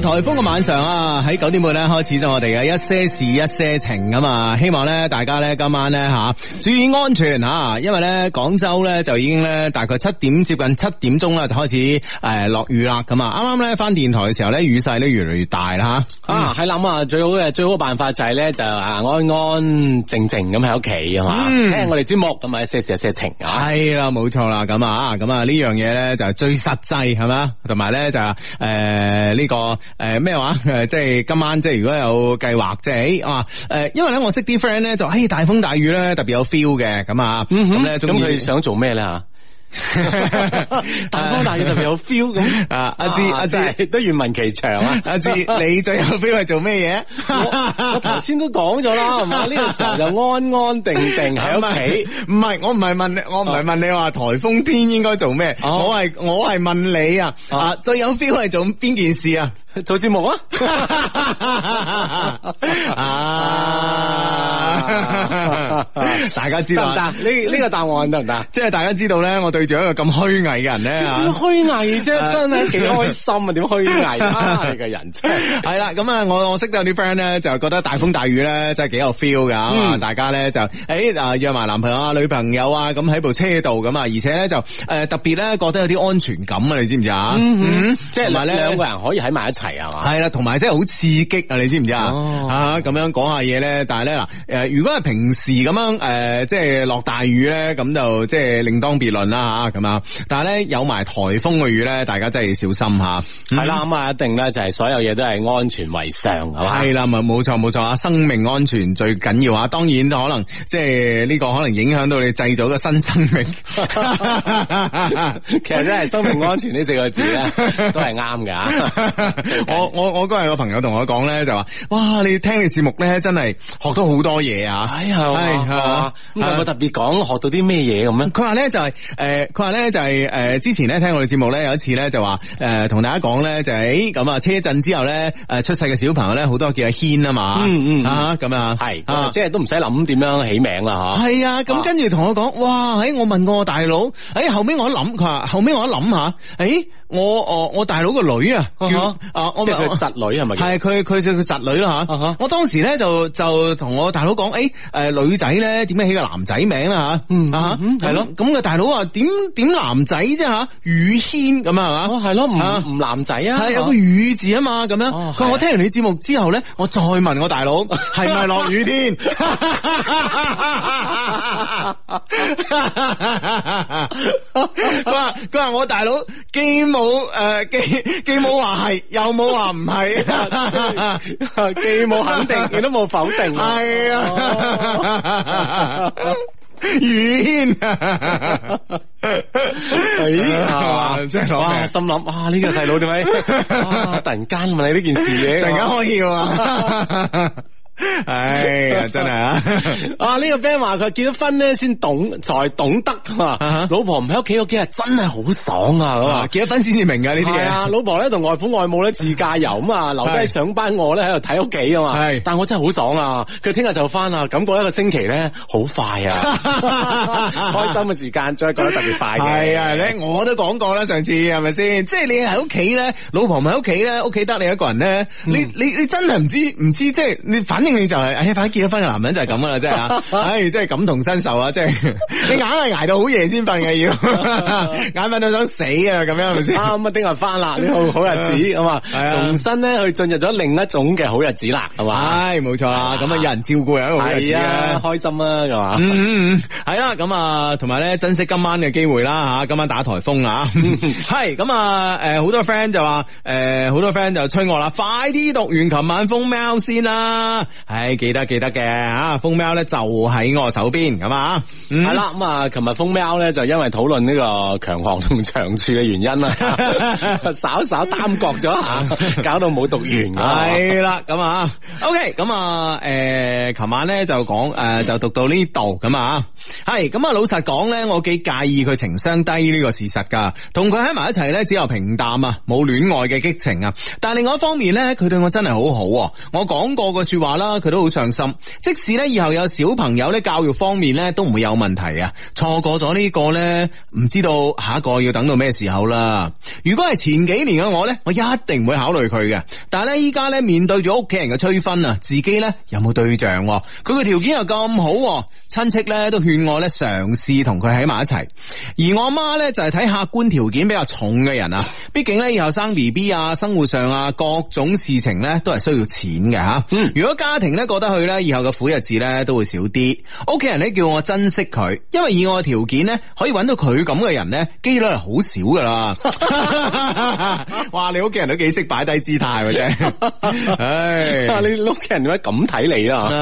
台風嘅晚上啊，喺九點半咧開始咗我哋嘅一些事一些情啊嘛，希望咧大家咧今晚咧吓注意安全嚇，因為咧廣州咧就已經咧大概七點接近七點鐘啦，就開始誒落雨啦，咁啊啱啱咧返電台嘅時候咧雨勢咧越嚟越大啦吓。啊，喺諗啊，最好嘅最好嘅辦法就係、是、咧就啊安安靜靜咁喺屋企啊嘛，聽、嗯 hey, 我哋節目同埋些事些情啊，係啦冇錯啦，咁啊咁啊呢樣嘢咧就係最實際係嘛，同埋咧就誒、是、呢、呃這個誒咩、呃、話誒即係今晚即係如果有計劃即係啊誒，因為咧我識啲 friend 咧就誒、哎、大風大雨咧特別有 feel 嘅咁啊，咁咧咁佢想做咩咧？ 大風大雨特別有 feel 嘅。啊，阿志阿志都願聞其詳啊，阿志、啊啊啊啊啊、你最有 feel 係做咩嘢？我頭先都講咗啦，係嘛呢個時候就安安定定喺屋企。唔係，我唔係 問，我唔係問、啊、你話颱風天應該做咩、啊？我係我係問你啊，啊最有 feel 係做邊件事啊？做節目 啊！啊， 大家知道唔得？呢呢個答案得唔得？即、就、係、是、大家知道咧、啊啊啊， 我對住一個咁虛偽嘅人咧。虛偽啫，真係幾開心啊！點虛偽？你嘅人真係。係啦，咁啊，我我識得有啲 friend 咧，就覺得大風大雨咧，真係幾有 feel 嘅、嗯、大家咧就誒、欸、約埋男朋友啊、女朋友啊，咁喺部車度咁啊，而且咧就誒特別咧覺得有啲安全感啊！你知唔知啊？即係話咧兩個人可以喺埋一齊。係啊，係啦，同埋即係好刺激啊！你知唔知、哦、啊？咁樣講下嘢咧，但係咧嗱，誒、呃，如果係平時咁樣，誒、呃，即係落大雨咧，咁就即係另當別論啦吓，咁啊！但係咧有埋台風嘅雨咧，大家真係要小心吓。係、啊、啦，咁、嗯嗯、啊，一定咧就係、是、所有嘢都係安全為上，係嘛？係啦，咪冇錯冇錯啊！生命安全最緊要啊！當然都可能即係呢、這個可能影響到你製造個新生命， 其實真係生命安全呢四個字咧 都係啱㗎。啊。我我我嗰日個朋友同我講咧就話，哇！你聽你節目咧真係學到好多嘢啊！哎呀，係係嘛，有冇特別講學到啲咩嘢咁咧？佢話咧就係、是，誒、呃，佢話咧就係、是，誒、呃，之前咧聽我哋節目咧有一次咧就話，誒、呃，同大家講咧就是，係咁啊車震之後咧，誒出世嘅小朋友咧好多叫阿軒啊嘛，嗯嗯啊咁啊，係，即係都唔使諗點樣起名啦吓。係啊，咁、啊啊、跟住同我講，哇！誒、哎、我問過我大佬，誒、哎、後尾我一諗，佢話後尾我一諗下誒。哎我哦，我大佬個女啊，叫啊，即係佢侄女係咪？係佢佢就佢侄女啦，吓、啊。我當時咧就就同我大佬講，誒、欸、誒女仔咧點樣起個男仔名啊？吓、嗯啊？嗯，係咯。咁個大佬話，點點男仔啫吓？雨軒咁啊係、哦啊、嘛？係咯，唔唔男仔啊，係有個雨字啊嘛咁樣。哦，啊、我聽完你節目之後咧，我再問我大佬係咪落雨天？佢話佢話我大佬冇、哦、誒，既既冇話係，又冇話唔係，既冇肯定，亦都冇否定。係 啊、哎，宇軒，哎呀，哇，心諗啊，呢個細佬點解突然間問你呢件事嘅？突然間開竅啊！ 唉、哎，真係啊，啊、這個、啊！啊，呢個 friend 話佢結咗婚咧，先懂才懂得嘛。老婆唔喺屋企嗰幾日，真係好爽啊！咁啊，結咗婚先至明㗎呢啲嘢。老婆咧同外父外母咧自駕遊嘛，啊，留低上班我咧喺度睇屋企啊嘛。但我真係好爽啊！佢聽日就返啦，感覺一個星期咧好快啊， 開心嘅時間再過得特別快嘅係啊，你我都講過啦，上次係咪先？即係、就是、你喺屋企咧，老婆唔喺屋企咧，屋企得你一個人咧，你、嗯、你你真係唔知唔知，即、就、係、是、你反你就係反正結咗婚嘅男人就係咁噶啦，即係吓，唉、 哎，即、就、係、是、感同身受 啊！即係，你硬係捱到好夜先瞓嘅，要眼瞓到想死啊！咁樣係咪先？啱啊，聽日翻啦，呢個好日子啊嘛，重新咧去進入咗另一種嘅好日子啦，係嘛？唉，冇錯啦，咁啊，有人照顧係一個好日子啦、啊，開心啦、啊，係、就、嘛、是？嗯係係啦，咁啊，同埋咧珍惜今晚嘅機會啦吓，今晚打台風啊，係咁啊，誒，好多 friend 就話，誒，好多 friend 就催我啦，快啲讀完琴晚封 mail 先啦。係、哎、記得記得嘅吓，風喵咧就喺我手邊咁啊，係啦咁啊，琴日風喵咧就因為討論呢個強項同長處嘅原因啦， 稍稍耽擱咗吓， 搞到冇讀完。係啦咁啊，O K，咁啊，誒、啊，琴、 啊 OK, 啊呃、晚咧就講誒、呃，就讀到呢度咁啊，係咁啊，老實講咧，我幾介意佢情商低呢個事實噶，同佢喺埋一齊咧，只有平淡啊，冇戀愛嘅激情啊，但係另外一方面咧，佢對我真係好好，我講過個說話啦。佢都好上心，即使呢，以後有小朋友呢，教育方面呢，都唔會有問題啊。錯過咗呢個呢，唔知道下一個要等到咩時候啦。如果係前幾年嘅我呢，我一定唔會考慮佢嘅。但係呢，依家呢，面對住屋企人嘅催婚啊，自己呢，有冇對象？佢個條件又咁好，親戚呢，都勸我呢，嘗試同佢喺埋一齊。而我媽呢，就係睇客觀條件比較重嘅人啊，畢竟呢，以後生 B B 啊，生活上啊各種事情呢，都係需要錢嘅吓。嗯、如果家庭咧覺得佢咧以後嘅苦日子咧都會少啲，屋企人咧叫我珍惜佢，因為以我嘅條件咧可以搵到佢咁嘅人咧，幾率係好少噶啦。 哇，你屋企人都幾識擺低姿態嘅啫。唉、 啊，你屋企人點解咁睇你 啊？真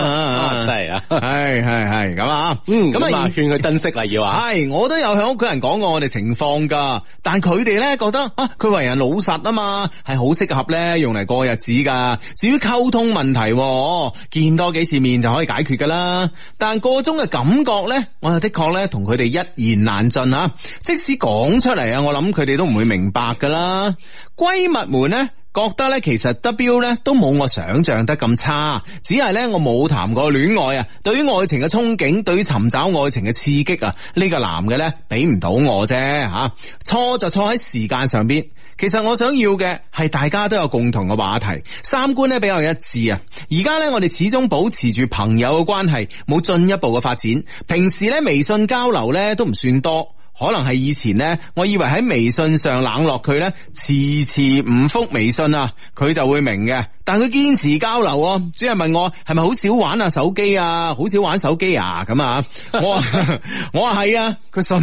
係啊，係係係咁啊，咁啊、嗯、勸佢珍惜啦，要啊。係我都有向屋企人講過我哋情況噶，但佢哋咧覺得啊，佢為人老實啊嘛，係好適合咧用嚟過日子噶。至於溝通問題。嗯見多幾次面就可以解決噶啦，但個中嘅感覺呢，我就的確呢同佢哋一言難盡。即使講出嚟啊，我諗佢哋都唔會明白噶啦。閨蜜們呢，覺得呢其實 W 呢都冇我想象得咁差，只係呢我冇談過戀愛啊。對於愛情嘅憧憬，對於尋找愛情嘅刺激啊，呢個男嘅呢俾唔到我啫吓，錯就錯喺時間上邊。其實我想要嘅係大家都有共同嘅話題，三觀呢比較一致啊！而家呢，我哋始終保持住朋友嘅關係，冇進一步嘅發展。平時呢，微信交流呢都唔算多，可能係以前呢，我以為喺微信上冷落佢呢，遲遲唔復微信啊，佢就會明嘅。但佢堅持交流，即係問我係咪好少玩啊手機啊，好少玩手機啊咁 啊！我話，我話係啊，佢信。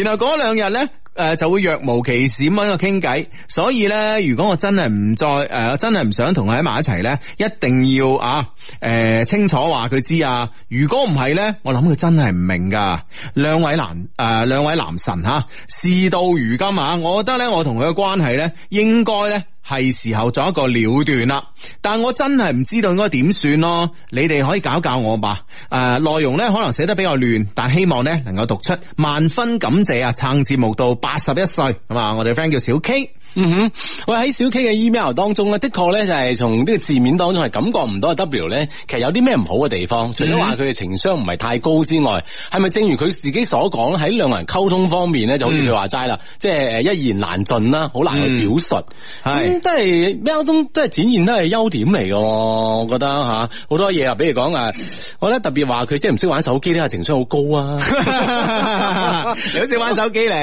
然後嗰兩日呢。誒、呃，就會若無其事揾我傾偈，所以咧，如果我真係唔再誒、呃，真係唔想同佢喺埋一齊咧，一定要啊，誒、呃、清楚話佢知啊。如果唔係咧，我諗佢真係唔明噶。兩位男誒，兩、呃、位男神吓，事到如今啊，我覺得咧，我同佢嘅關係咧，應該咧。係時候做一個了斷啦，但我真係唔知道應該點算咯。你哋可以教教我吧。誒、呃，內容咧可能寫得比較亂，但希望咧能夠讀出萬分感謝啊！撐節目到八十一歲，係嘛？我哋 friend 叫小 K。嗯哼，喂喺小 K 嘅 email 當中咧，的確咧就係從呢個字面當中係感覺唔到 W 咧，其實有啲咩唔好嘅地方，除咗話佢嘅情商唔係太高之外，係咪正如佢自己所講咧？喺兩個人溝通方面咧，就好似佢話齋啦，即、嗯、係一言難盡啦，好難去表述，咁、嗯嗯、都係貓東都係展現都係優點嚟嘅，我覺得吓好多嘢啊，比如講呀，我呢特別話佢即係唔識玩手機呢，情商好高啊，你 好似玩手機嚟，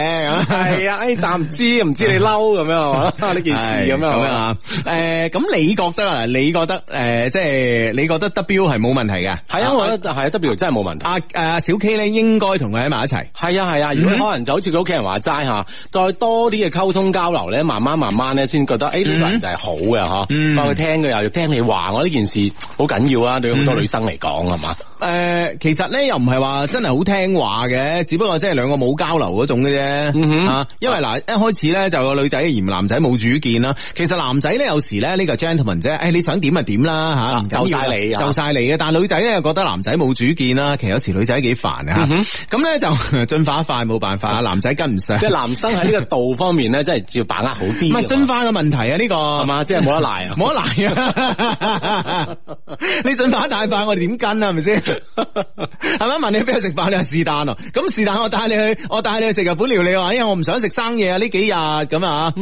係 啊、哎，誒，暫唔知唔知你嬲咁樣。呢 件事咁樣樣啊？誒、 呃，咁你覺得啊？你覺得誒、呃，即係你覺得 W 係冇問題嘅？係啊，我覺得係啊，W 真係冇問題。誒、啊啊、小 K 咧，啊啊、K 應該同佢喺埋一齊。係啊係啊、嗯，如果可能就好似佢屋企人話齋吓，再多啲嘅溝通交流咧，慢慢慢慢咧，先覺得誒呢、嗯這個人就係好嘅嗬。嗯，我聽佢又要聽你話，我呢件事好緊要啊！對好多女生嚟講，係、嗯、嘛。誒、呃，其實咧又唔係話真係好聽話嘅，只不過即係兩個冇交流嗰種嘅啫、嗯啊。因為嗱，一開始咧、嗯、就有個女仔嫌男仔冇主見啦。其實男仔咧有時咧呢、這個 gentleman 啫，誒、哎、你想點咪點啦吓，就晒你，啊、你，就晒你嘅。但係女仔咧又覺得男仔冇主見啦，其實有時女仔幾煩啊。咁咧就進化快冇辦法啊、嗯，男仔跟唔上。即係男生喺呢個度方面咧，真 係要把握好啲。唔係進化嘅問題啊，呢、這個係嘛，即係冇得賴啊，冇得賴啊。你進化一大塊，我哋點跟啊，係咪先？係咪啊？問你去邊度食飯？你話是但啊？咁是但，我帶你去，我帶你去食日本料理、嗯、啊！因為我唔想食生嘢啊，呢幾日咁啊，啊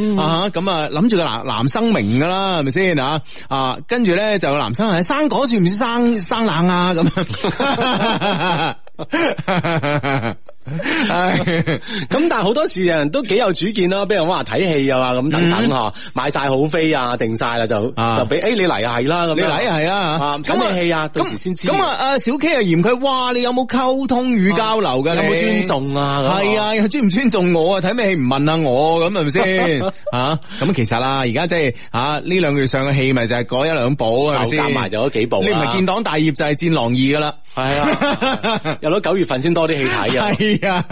咁啊，諗住個男男生名噶啦，係咪先啊啊？跟住咧就有個男生係生果算唔算生生冷啊？咁。 咁但係好多時人都幾有主見啦，比如話睇戲啊咁等等嗬、嗯，買晒好飛啊，定晒啦就就俾欸你嚟啊係啦，你嚟啊係啊，咁睇戲啊，到時先咁啊！阿小 K 啊嫌佢，哇！你有冇溝通與交流㗎，啊、有冇尊重啊？係啊，尊唔尊重我，我是是 啊？睇咩戲唔問下我咁係咪先咁其實啦、啊，而家即係啊呢兩個月上嘅戲咪就係嗰一兩部先，埋就幾部、啊。你唔係建黨大業就係、是、戰狼二噶啦，係啊， 有得九月份先多啲戲睇啊。係、yeah.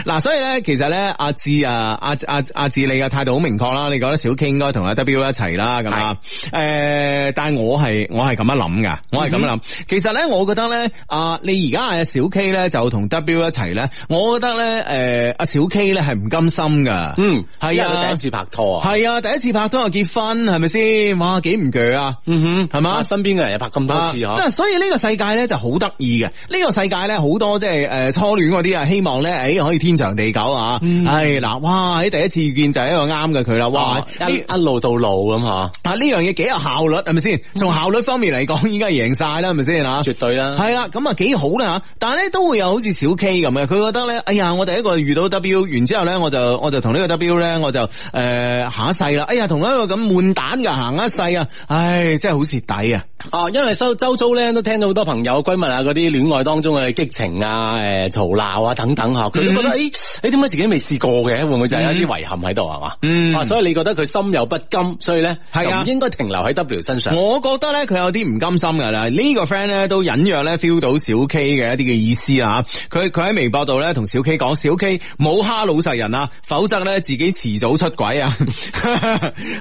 嗱，所以咧，其實咧，阿志啊，阿阿阿志，啊啊啊啊啊、你嘅態度好明確啦。你覺得小 K 應該同阿 W 一齊啦，咁啊，誒、呃，但係我係我係咁樣諗噶，我係咁樣諗。我是這樣想的 mm-hmm. 其實咧，我覺得咧，啊你而家阿小 K 咧就同 W 一齊咧，我覺得咧，誒、啊，阿小 K 咧係唔甘心噶，嗯，係啊，啊，啊，第一次拍拖啊，係啊，第一次拍拖又結婚，係咪先？哇，幾唔鋸啊，嗯哼，係嘛，身邊嘅人拍咁多次嗬、即係，所以呢個世界咧就好得意嘅，呢、呢個世界咧。好多即係誒初戀嗰啲啊，希望咧誒可以天長地久啊！係、嗯、嗱，哇喺第一次遇見就係一個啱嘅佢啦，哇、欸啊、一路到老咁吓。啊呢樣嘢幾有效率係咪先？從效率方面嚟講，依家贏晒啦係咪先啊？絕對啦。係啦，咁啊幾好啦吓，但係咧都會有好似小 K 咁嘅，佢覺得咧，哎呀我第一個遇到 W 完之後咧，我就 w，我就同呢個 W 咧，我就誒行一世啦。哎呀同一個咁悶蛋嘅行一世、哎、啊，唉真係好蝕底啊！啊因為周周遭咧都聽到好多朋友閨蜜啊嗰啲戀愛當中嘅激情啊，誒，嘈鬧啊，等等吓，佢都覺得，誒、嗯哎，你點解自己未試過嘅？會唔會就係有啲遺憾喺度啊？嘛，嗯，所以你覺得佢心有不甘，所以咧，係啊，唔應該停留喺 W 身上。我覺得咧，佢有啲唔甘心噶啦。呢、這個 friend 咧都隱約咧 feel 到小 K 嘅一啲嘅意思啊。佢佢喺微博度咧同小 K 講，小 K 冇蝦老實人啊，否則咧自己遲早出軌啊。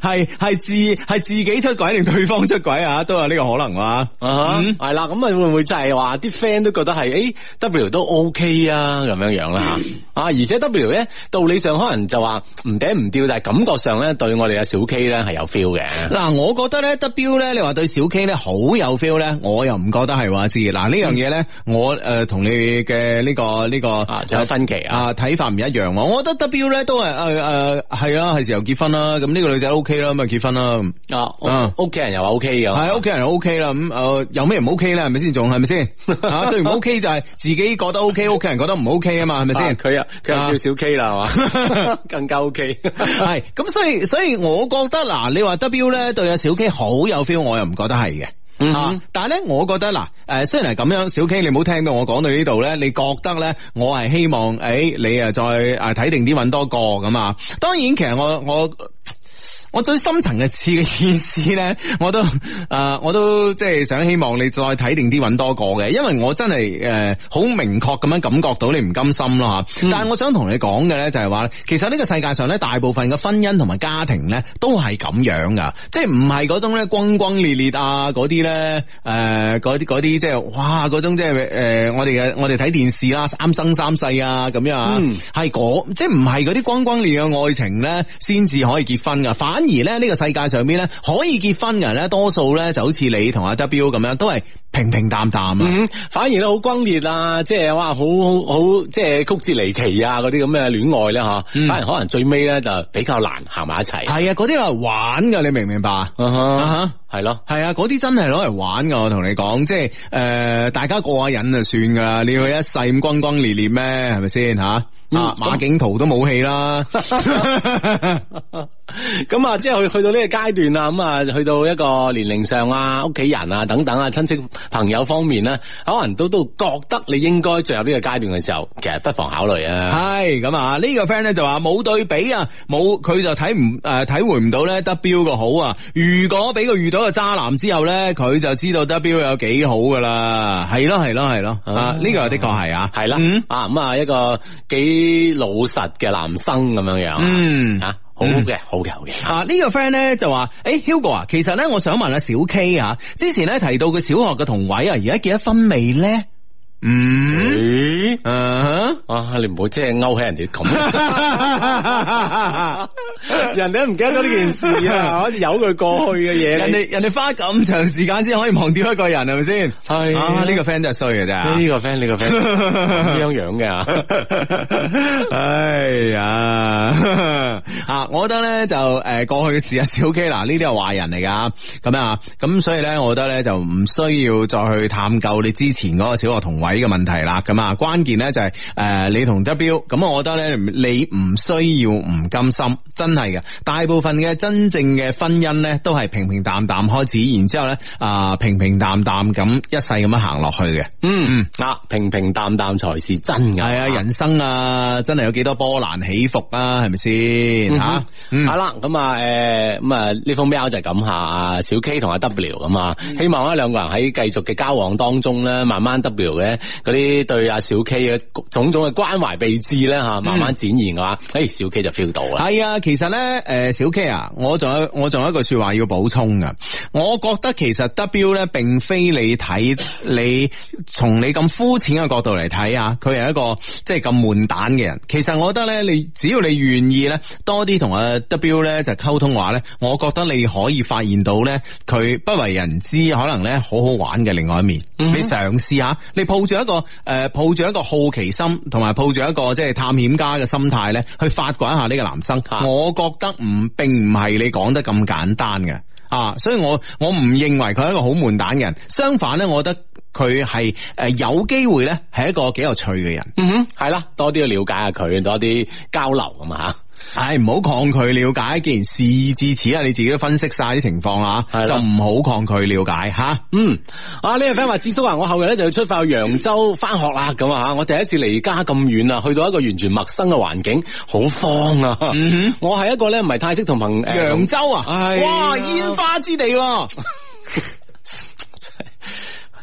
係 係自係自己出軌定對方出軌啊？都有呢個可能啊。係、嗯、啦，咁、嗯、會唔會就係話啲 friend 都覺得係，誒、哎？W 都 OK 啊，咁樣樣啦吓，啊而且 W 咧，道理上可能就話唔嗲唔吊，但係感覺上咧對我哋嘅小 K 咧係有 feel 嘅。嗱、啊，我覺得咧 W 咧，你話對小 K 咧好有 feel 咧，我又唔覺得係話知。嗱、啊、呢樣嘢咧，我誒同、呃、你嘅呢、這個呢、這個就、啊、有分歧啊，睇、啊、法唔一樣。我覺得 W 咧都係誒誒係啦，係、呃啊啊、時候結婚啦。咁呢個女仔 OK 啦，咁啊結婚啦。啊屋企、啊 OK、人又 OK 啊，係屋企人 OK 啦，咁誒、呃、有咩唔 OK 咧？係咪先仲係咪先最唔 OK 就係、是。自己覺得 OK，屋企人覺得唔 OK 啊 嘛，係咪先？佢啊，佢又叫小 K 啦，係嘛，更加 OK。係咁，所以所以我覺得嗱，你話 W 咧對阿小 K 好有 feel，我又唔覺得係嘅，嗯哼。但係咧，我覺得嗱，誒，雖然係咁樣，小 K 你唔好聽到我講到呢度咧，你覺得咧，我係希望誒，哎，你啊再睇定啲，搵多個咁啊。當然，其實我我。我最深層嘅次嘅意思咧，我都誒、呃，我都即係想希望你再睇定啲，揾多個嘅，因為我真係誒好明確咁樣感覺到你唔甘心咯吓、嗯。但係我想同你講嘅咧，就係話，其實呢個世界上咧，大部分嘅婚姻同埋家庭咧，都係咁樣噶，即係唔係嗰種咧轟轟烈烈啊，嗰啲咧誒，嗰啲啲即係哇，嗰種即係誒，我哋嘅我哋睇電視啦，三生三世啊，咁樣，係、嗯、嗰即係唔係啲轟轟烈嘅愛情咧，先至可以結婚噶，反而咧，呢個世界上邊咧可以結婚嘅人咧，多數咧就好似你同阿 W 咁樣，都係平平淡淡啊、嗯。反而咧好轟烈啊，即係哇，好好好，即係、就是、曲折離奇啊，嗰啲咁嘅戀愛啦吓，反而可能最尾咧就比較難行埋一齊。係啊，嗰啲係玩噶，你明唔明白？啊哈，係、啊、咯，係啊，嗰啲真係攞嚟玩噶，我同你講，即係誒、呃，大家過下癮就算噶啦，你要一世咁轟轟烈烈咩？係咪先吓？馬馬景濤都冇戲啦。 咁啊，即係去去到呢個階段啊，咁啊，去到一個年齡上啊，屋企人啊等等啊，親戚朋友方面咧，可能都都覺得你應該進入呢個階段嘅時候，其實不妨考慮啊。係咁啊，呢、這個 friend 咧就話冇對比啊，冇佢就睇唔誒體會唔到咧 W 個好啊。如果俾佢遇到個渣男之後咧，佢就知道 W 有幾好噶啦。係咯係咯係咯啊，呢、這個的確係啊，係啦、嗯，啊咁啊一個幾老實嘅男生咁樣樣、啊，嗯啊。好嘅，好嘅，好嘅。吓，呢個 friend 咧就話，誒，Hugo 啊，這個欸、Hugo, 其實咧，我想問下小 K 啊，之前咧提到嘅小學嘅同位啊，而家結咗婚未咧？嗯，嗯、uh-huh? 啊 是是啊，啊，你唔好即係勾起人哋咁，人哋都唔記得咗呢件事啊，有佢過去嘅嘢，人哋人哋花咁長時間先可以忘掉一個人係咪先？係啊，呢、這個 friend 真係衰嘅啫。呢個 friend，呢個 friend，呢樣樣嘅、啊。 哎呀， 啊，我覺得咧就誒過去嘅事啊，小 K 嗱，呢啲係壞人嚟噶，咁樣啊，咁所以咧，我覺得咧就唔需要再去探究你之前嗰個小學同學。位嘅問題啦，咁啊關鍵咧就係、是、誒、呃、你同 W 咁我覺得咧你唔需要唔甘心，真係嘅。大部分嘅真正嘅婚姻咧，都係平平淡淡開始，然之後咧啊、呃、平平淡淡咁一世咁樣行落去嘅。嗯，啊平平淡淡才是真嘅。係啊，人生啊真係有幾多波瀾起伏啊，係咪先吓？係、啊、啦，咁啊誒咁啊呢封 email 就係咁吓，小 K 同阿 W 咁、嗯、啊，希望咧兩個人喺繼續嘅交往當中咧，慢慢 W 嘅。嗰啲對阿小 K 嘅種種嘅關懷備至咧吓，慢慢展現嘅話，誒、嗯，小 K 就 feel 到啦。係啊，其實咧，誒，小 K 啊，我仲有我仲有一句說話要補充噶。我覺得其實 W 咧，並非你睇你從你咁膚淺嘅角度嚟睇啊，佢係一個即係咁悶蛋嘅人。其實我覺得咧，你只要你願意咧，多啲同阿 W 咧就溝通話咧，我覺得你可以發現到咧，佢不為人知，可能咧好好玩嘅另外一面。嗯、你嘗試下，你 p 做一個誒、呃，抱住一個好奇心，同埋抱住一個即係探險家嘅心態咧，去發掘一下呢個男生。我覺得唔並唔係你講得咁簡單嘅啊，所以我我唔認為佢係一個好悶蛋嘅人。相反咧，我覺得佢係誒有機會咧，係一個幾有趣嘅人。嗯哼，係啦，多啲去了解下佢，多啲交流咁嘛吓。係唔好抗拒了解，既然事至此啊，你自己都分析晒啲情況啊，就唔好抗拒了解吓、啊。嗯，啊呢個 friend 話，志聰話我後日咧就要出發去揚州翻學啦，咁啊吓，我第一次離家咁遠啊，去到一個完全陌生嘅環境，好慌啊。嗯、我係一個咧唔係泰式同朋揚、呃、州啊，唉哇，煙花之地、啊。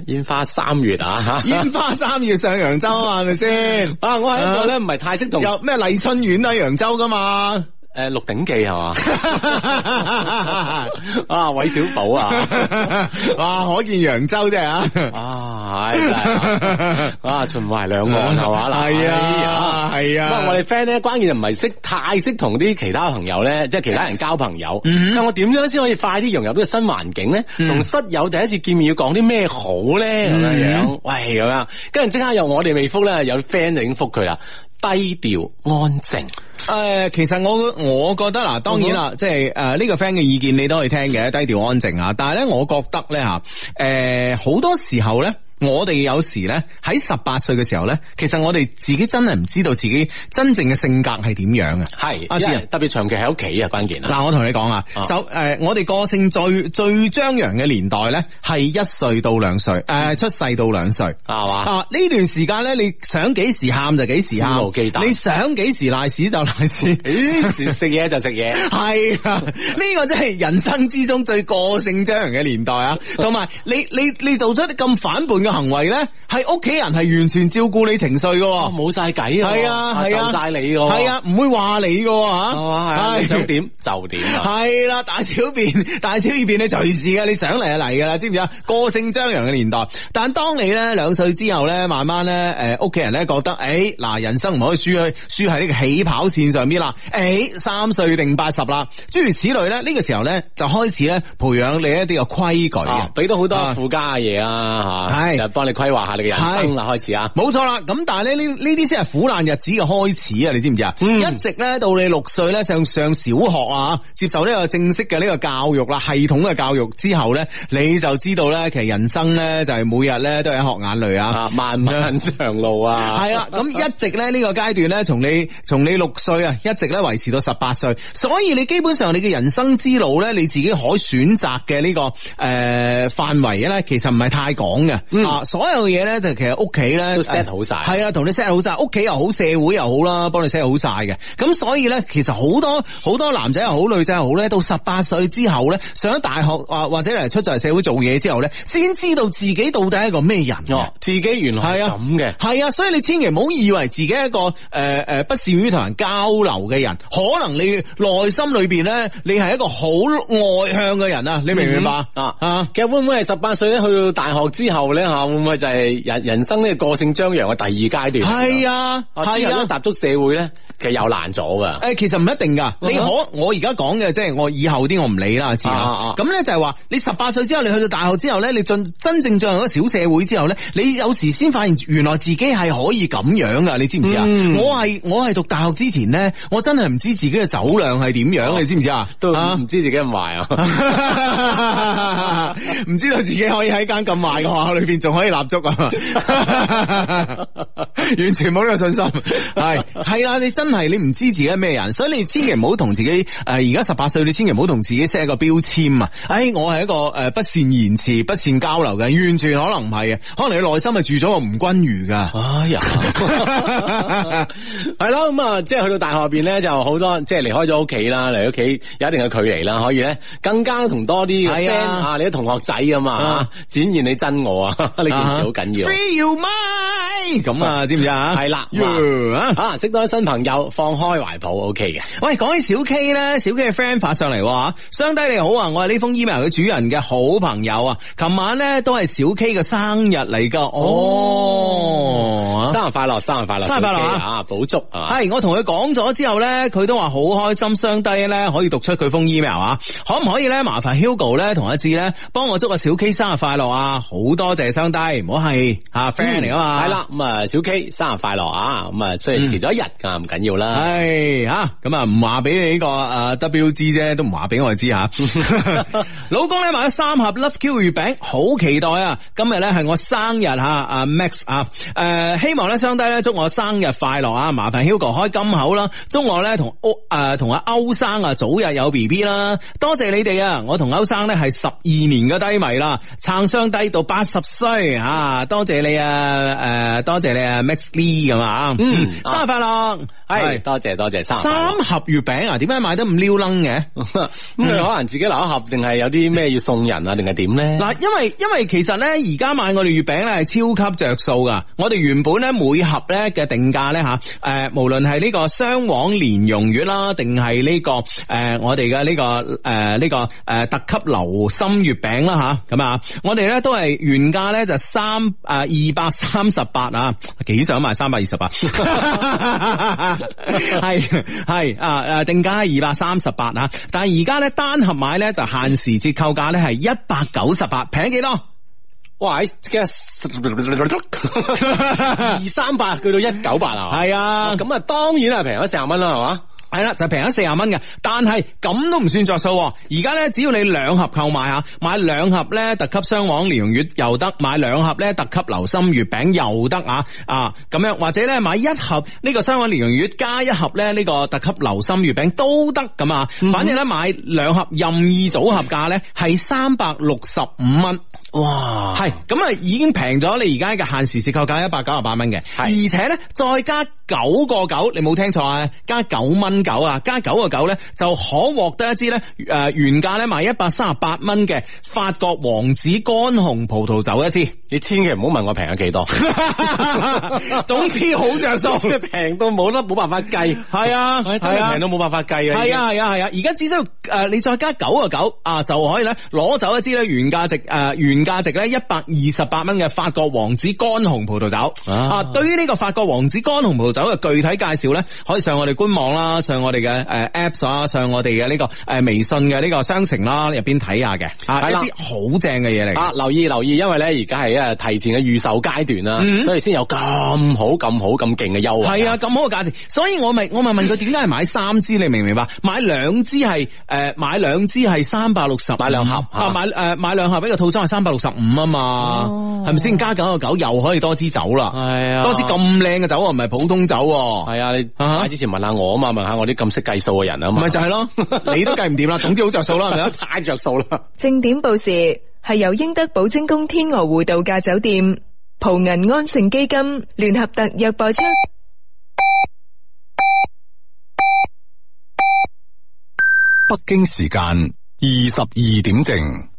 煙花三月啊，吓！煙花三月上揚州啊，係咪先？啊，我係一個咧，唔係太識讀。有咩麗春苑啊，喺揚州噶嘛。誒、呃，鹿鼎記係嘛、 啊啊 啊啊？啊，韋小寶啊，哇，可見揚州啫。啊，啊係、哎哎哎哎哎哎哎，啊秦淮兩岸係嘛嗱，係啊，係啊。不過我哋 friend 咧，關鍵就唔係識太識同啲其他朋友咧，即、就、係、是、其他人交朋友。咁、啊嗯、我點樣先可以快啲融入環呢個新環境咧？同、嗯、室友第一次見面要講啲咩好咧？咁、嗯、樣樣，喂咁樣，跟住即刻由我哋未復咧，有啲 friend 就已經復佢啦。低調安靜。誒、呃，其實我我覺得啦，當然啦，即係誒呢個 friend 嘅意見你都可以聽嘅，低調安靜啊。但係咧，我覺得咧吓，誒、呃、好多時候咧。我哋有時咧喺十八歲嘅時候咧，其實我哋自己真係唔知道自己真正嘅性格係點樣嘅。係，阿志特別長期喺屋企啊，關鍵啊。嗱，我同你講啊，首誒，我哋個性最最張揚嘅年代咧，係一歲到兩歲，誒，出世到兩歲啊嘛。啊、嗯，呢段時間咧，你想幾時喊就幾時喊，肆無忌憚，你想幾時賴屎就賴屎，咦？ 食嘢、時、就食嘢，係啊！呢個真係人生之中最個性張揚嘅年代啊，同 埋你你你做出啲咁反叛嘅行為咧係屋企人係完全照顧你情緒嘅，冇晒計，係啊，係啊，晒你係啊，唔會話你嘅吓，係、哦啊啊、你想點、啊、就點，係啦、啊，大小便，大小便你隨時嘅，你想嚟就嚟嘅啦，知唔知啊？個性張揚嘅年代，但當你咧兩歲之後咧，慢慢咧，誒，屋企人咧覺得，誒，嗱，人生唔可以輸去，輸喺呢個起跑線上邊啦，誒、欸，三歲定八十啦，諸如此類咧，呢、這個時候咧就開始咧培養你一啲嘅規矩啊，俾到好多附加嘅嘢啊，係、啊。幫你規劃下你嘅人生啦，開始啊，冇錯啦。咁但係呢呢啲先係苦難日子嘅開始啊！你知唔知啊、嗯？一直咧到你六歲咧上上小學啊，接受呢個正式嘅呢個教育啦，系統嘅教育之後咧，你就知道咧，其實人生咧就係每日咧都係學眼淚啊，漫漫長路啊，係啦。咁一直咧呢個階段咧，從你從你六歲啊，一直咧維持到十八歲，所以你基本上你嘅人生之路咧，你自己可以選擇嘅呢個誒範圍咧，呃、其實唔係太廣嘅。嗯啊！所有嘢咧，就其實屋企咧，都 set 好曬，係啊，同你 set 好曬，屋企又好，社會又好啦，幫你 set 好曬嘅。咁所以咧，其實好多好多男仔又好，女仔又好咧，到十八歲之後咧，上咗大學啊，或者嚟出嚟社會做嘢之後咧，先知道自己到底係一個咩人、哦，自己原來係啊咁嘅，係啊，所以你千祈唔好以為自己係一個誒誒、呃呃、不善於同人交流嘅人，可能你內心裏面咧，你係一個好外向嘅人啊，你明唔明白啊、嗯、啊，啊其實會唔會係十八歲咧去到大學之後咧？會唔會就係人人生呢個性張揚嘅第二階段？係啊，啊，之啊，咧踏足社會咧、啊，其實又難咗噶。誒、呃，其實唔一定噶、嗯。你可、嗯、我而家講嘅，即、就、係、是、我以後啲我唔理啦，知、啊、啦。咁、啊、咧、啊、就係話，你十八歲之後，你去到大學之後咧，你進真正進入咗小社會之後咧，你有時先發現原來自己係可以咁樣噶，你知唔知啊、嗯？我係我係讀大學之前咧，我真係唔知道自己嘅酒量係點樣、啊，你知唔知啊？都唔知道自己咁壞啊，啊，唔 知道自己可以喺間咁壞嘅學校裏邊。仲可以立足啊！ 完全冇呢個信心，係係啦，你真係你唔知自己係咩人，所以你千祈唔好同自己誒，而家十八歲，你千祈唔好同自己 set 個標籤啊！誒、哎，我係一個誒、呃、不善言辭、不善交流嘅，完全可能唔係啊，可能你內心係住咗個吳君如噶。哎呀，係 啦， 咁啊，即係去到大學邊咧，就好多即係離開咗屋企啦，離屋企有一定嘅距離啦，可以咧更加同多啲 friend 啊，你啲同學仔啊嘛，展現你真我啊！ 呢件事好緊要，free your mind 咁啊？知唔知啊？係啦，啊，識多啲新朋友，放開懷抱，O K 嘅。喂，講起小 K 咧，小 K 嘅 friend 發上嚟話，雙低你好啊，我係呢封 email 嘅主人嘅好朋友啊。琴晚咧都係小 K 嘅生日嚟噶，哦，生日快樂，生日快樂，生日快樂啊，補足啊。係、啊、我同佢講咗之後咧，佢都話好開心，雙低咧可以讀出佢封 email 啊。可唔可以咧，麻煩 Hugo 咧同阿志咧幫我祝個小 K 生日快樂啊？好多謝唔好係吓 friend 嚟啊嘛，係啦，咁啊小 K 生日快樂啊，咁啊雖然遲咗一日啊唔緊要啦，係吓咁啊唔話俾你呢、這個 WG 啫，都唔話俾我知吓。 老公咧買咗三盒 Love Q 月餅，好期待啊！今日咧係我生日吓，阿、啊、Max 啊誒、呃、希望咧相低咧祝我生日快樂啊！麻煩 Hugo 開金口啦，祝我咧同歐，誒同阿歐生啊早日有 BB 啦！多謝你哋啊，我同歐生咧係十二年嘅低迷啦，撐相低到八十歲。哎、啊，多謝你啊，誒、呃，多謝你啊，Max Lee 咁啊，嗯，生日快樂，係、啊，多謝多謝，多謝，三三盒月，月餅啊，點解買得唔撩楞嘅？咁、嗯、可能自己留一盒，定係有啲咩要送人啊，定係點咧？嗱，因為因為其實咧，而家買我哋月餅咧係超級着數噶，我哋原本咧每盒咧嘅定價咧吓，誒、啊，無論係呢個雙黃蓮蓉月啦，定係呢個誒、呃、我哋嘅呢個誒呢、呃這個誒特級流心月餅啦吓，咁啊，我哋咧都係原價咧。就三啊二百三十八啊，幾想買三百二十八？係係啊啊，uh, uh, 定價二百三十八啊，但係而家咧單盒買咧就限時折扣價咧係一百九十八，平幾多？哇！二三百去到一九八啊？係啊，咁啊當然係平咗四十蚊啦，係嘛？係啦，就平咗四十蚊嘅，但係咁都唔算着數。而家呢，只要你兩盒購買啊，買兩盒呢特級雙黃蓮蓉月又得，買兩盒呢特級流心月餅又得啊啊！咁樣或者呢買一盒呢個雙黃蓮蓉月加一盒呢呢個特級流心月餅都得咁啊。反正呢買兩盒任意組合價呢，係三百六十五蚊。哇，係咁啊，已經平咗。你而家嘅限時折扣價一百九十八蚊嘅，係而且咧再加九個九，你冇聽錯啊，加九蚊九啊，加九個九咧就可獲得一支咧誒原價咧賣一百三十八蚊嘅法國王子乾紅葡萄酒一支。你千祈唔好問我平咗幾多 總，總之好着數，即平到冇得冇辦法計，係 啊，係啊，平到冇辦法計啊，係啊係啊係啊。而家、啊啊、只需要誒、呃、你再加九個九啊就可以咧攞走一支咧原價值誒、呃原價值咧一百二十八蚊嘅法國王子乾紅葡萄酒啊！對於呢個法國王子乾紅葡萄酒嘅具體介紹咧，可以上我哋官網啦，上我哋嘅誒 Apps 啦，上我哋嘅呢個誒微信嘅呢個商城啦入邊睇下嘅啊！一支好正嘅嘢嚟啊！留意留意，因為咧而家係啊提前嘅預售階段啦，所以先有咁好、咁好、咁勁嘅優惠。係啊，咁好嘅價值，所以我咪我咪問佢點解係買三支？你明唔明白？買兩支係誒買兩支係三百六十，買兩盒啊！買誒買兩盒俾個套裝係三。百六十五啊嘛，係咪先加九個九又可以多支酒啦？係啊，多支咁靚嘅酒，唔係普通酒，啊。係啊，你之前問下我啊嘛，問下我啲咁識計數嘅人啊嘛，咪就係咯， 你都計唔掂啦。總之好着數啦，係 咪、啊、太着數啦。正點報時係由英德寶晶宮天鵝湖度假酒店、浦銀安盛基金聯合特約播出。北京時間二十二點正。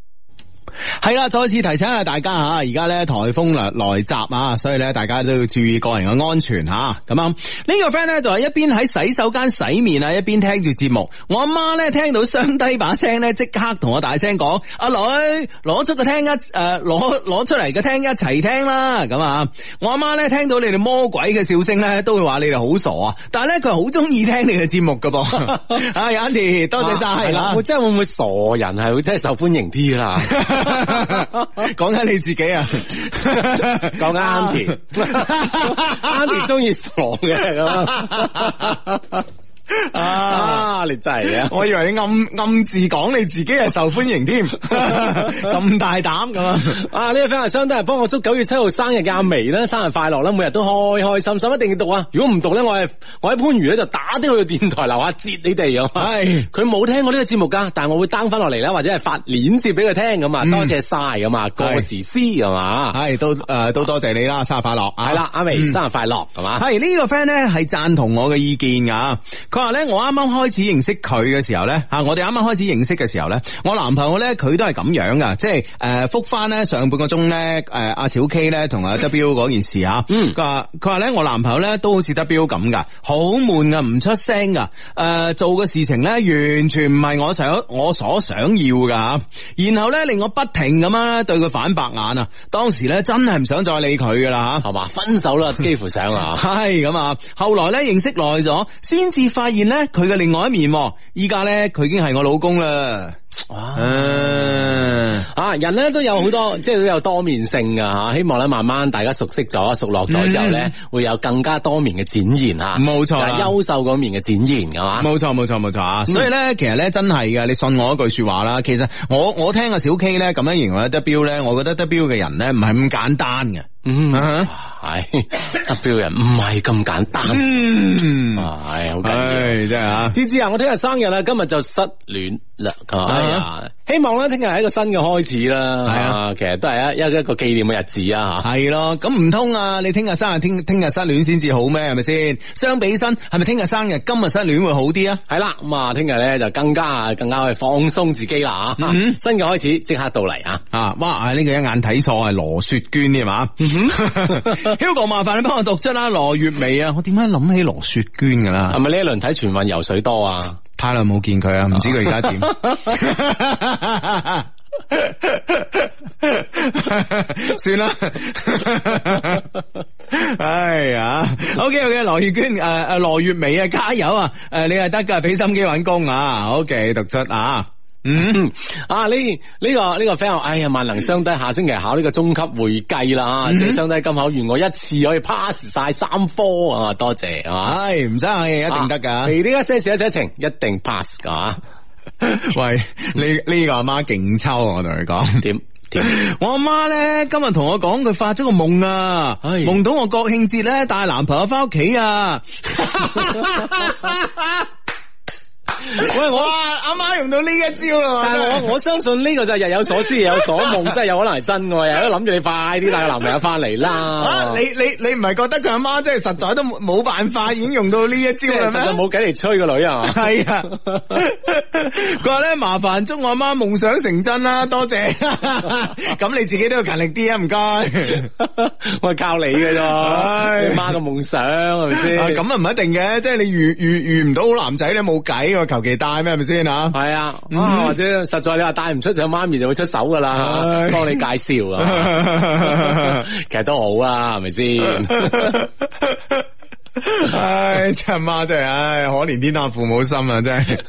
係啦，再次提醒下大家吓，而家咧台風嚟來襲啊，所以咧大家都要注意個人嘅安全吓。咁啊，呢、這個 friend 咧就係一邊喺洗手間洗面啊，一邊聽住節目。我阿媽咧聽到降低把聲咧，即刻同我大聲講：阿女，攞出個聽一誒，攞攞出嚟嘅聽一齊聽啦。咁啊，我阿媽咧聽到你哋魔鬼嘅笑聲咧，都會話你哋好傻很喜歡、 哎、啊。但係咧佢好中意聽你嘅節目噶噃。係 a n 多謝晒啦。真係會唔會傻人係會真係受歡迎啲啦？ 講 緊你自己啊，講緊 Andy，Andy 中意傻嘅咁。啊，啊！你真係啊！我以為你暗暗自講你自己係受歡迎添，咁 大膽咁啊！呢、這個 friend 相當係幫我祝九月七號生日嘅阿眉啦、嗯，生日快樂啦，每日都開開心心，一定要讀啊！如果唔讀咧，我係我喺番禺咧就打啲去電台樓下接你哋咁。係佢冇聽我呢個節目噶，但係我會 down 翻落嚟啦，或者係發鏈接俾佢聽咁啊、嗯！多謝晒咁啊，過時思係嘛？係都誒、呃、都多謝你啦，生日快樂！係、啊、啦，阿眉、嗯、生日快樂係嘛？係、啊嗯這個、呢個 friend 咧係贊同我嘅意見噶。佢話咧，我啱啱開始認識佢嘅時候咧，吓我哋啱啱開始認識嘅時候咧，我男朋友咧佢都係咁樣噶，即係誒復翻咧上半個鐘咧，誒阿小 K 咧同阿 W 嗰件事啊嗯，佢話佢話咧我男朋友咧都好似 W 咁噶，好悶啊唔出聲噶，誒做嘅事情咧完全唔係我想我所想要噶吓，然後咧令我不停咁樣對佢反白眼啊，當時咧真係唔想再理佢噶啦吓，係嘛，分手啦，幾乎想啊，係咁啊，後來咧認識耐咗先至發。發現咧佢嘅另外一面，依家咧佢已經係我老公啦。啊、嗯，人咧都有好多，即係都有多面性噶吓。希望咧慢慢大家熟悉咗、熟落咗之後咧、嗯，會有更加多面嘅展現吓。冇錯、啊，優秀嗰面嘅展現噶嘛。冇錯，冇錯，冇錯。所以咧，其實咧真係噶，你信我一句說話啦。其實我我聽阿小 K 咧咁樣形容阿 W 咧，我覺得 W 嘅人咧唔係咁簡單嘅。嗯，係達標人唔係咁簡單，係、嗯哎哎就是、啊，唉，真係啊，芝芝啊，我聽日生日啦，今日就失戀啦，係啊，啊，希望咧聽日係一個新嘅開始啦，係啊，啊，其實都係一一個紀念嘅日子啊，吓、啊，係咯，咁唔通啊，你聽日生日聽聽日失戀先至好咩？係咪先？相比起身係咪聽日生日今日失戀會好啲啊？係、嗯、啦，咁啊，聽日咧就更加更加可以放鬆自己啦，吓、嗯，新嘅開始即刻到嚟啊，哇，呢個一眼睇錯係羅雪娟添啊。 Hugo，麻煩你幫我讀出啦。羅月美啊，我點解諗起羅雪娟㗎啦？係咪呢一輪睇全運游水多啊？太耐冇見佢啊，唔 知佢而家點？ 算啦了。 哎呀，OK OK，羅月娟誒誒，羅、呃、月美啊，加油啊！誒，你係得噶，俾心機揾工啊。OK，讀出啊。嗯、mm-hmm. 啊，啊呢呢個呢、呢個 friend，哎呀萬能雙低，下星期下考呢個中級會計啦，雙低金口，願我一次可以 pass 晒三科啊，多謝係嘛，唉唔使，一定得噶，啊，你呢，一些事一些情，一定 pass 噶， 喂呢呢、 呢個阿媽勁抽，啊！我同你講點點，我阿媽咧今日同我講佢發咗個夢啊，哎，夢到我國慶節咧帶男朋友翻屋企啊。 喂，我阿媽用到呢一招啊！但我我相信呢個就係日有所思夜有所夢， 真係有可能係真嘅。都諗住你快啲帶個男朋友翻嚟啦！啊、你你你唔係覺得佢阿媽真係實在都冇冇辦法已經用到呢一招咩？冇計嚟催個女啊嘛？係啊，佢話咧麻煩祝我阿媽夢想成真啦、啊，多謝。咁 你自己都要勤力啲、 哎、 啊，唔該。喂，我靠你嘅咋？你媽嘅夢想係咪先？咁啊，唔一定嘅，即係你遇遇遇唔到男仔你冇計。求其帶咩，係咪先啊？係啊，或者、嗯、實在你話帶唔出，就媽咪就會出手噶啦，幫你介紹啊。 其實都好啊，係咪先？ 唉，媽媽真係，媽真係，唉，可憐天下父母心啊，真係。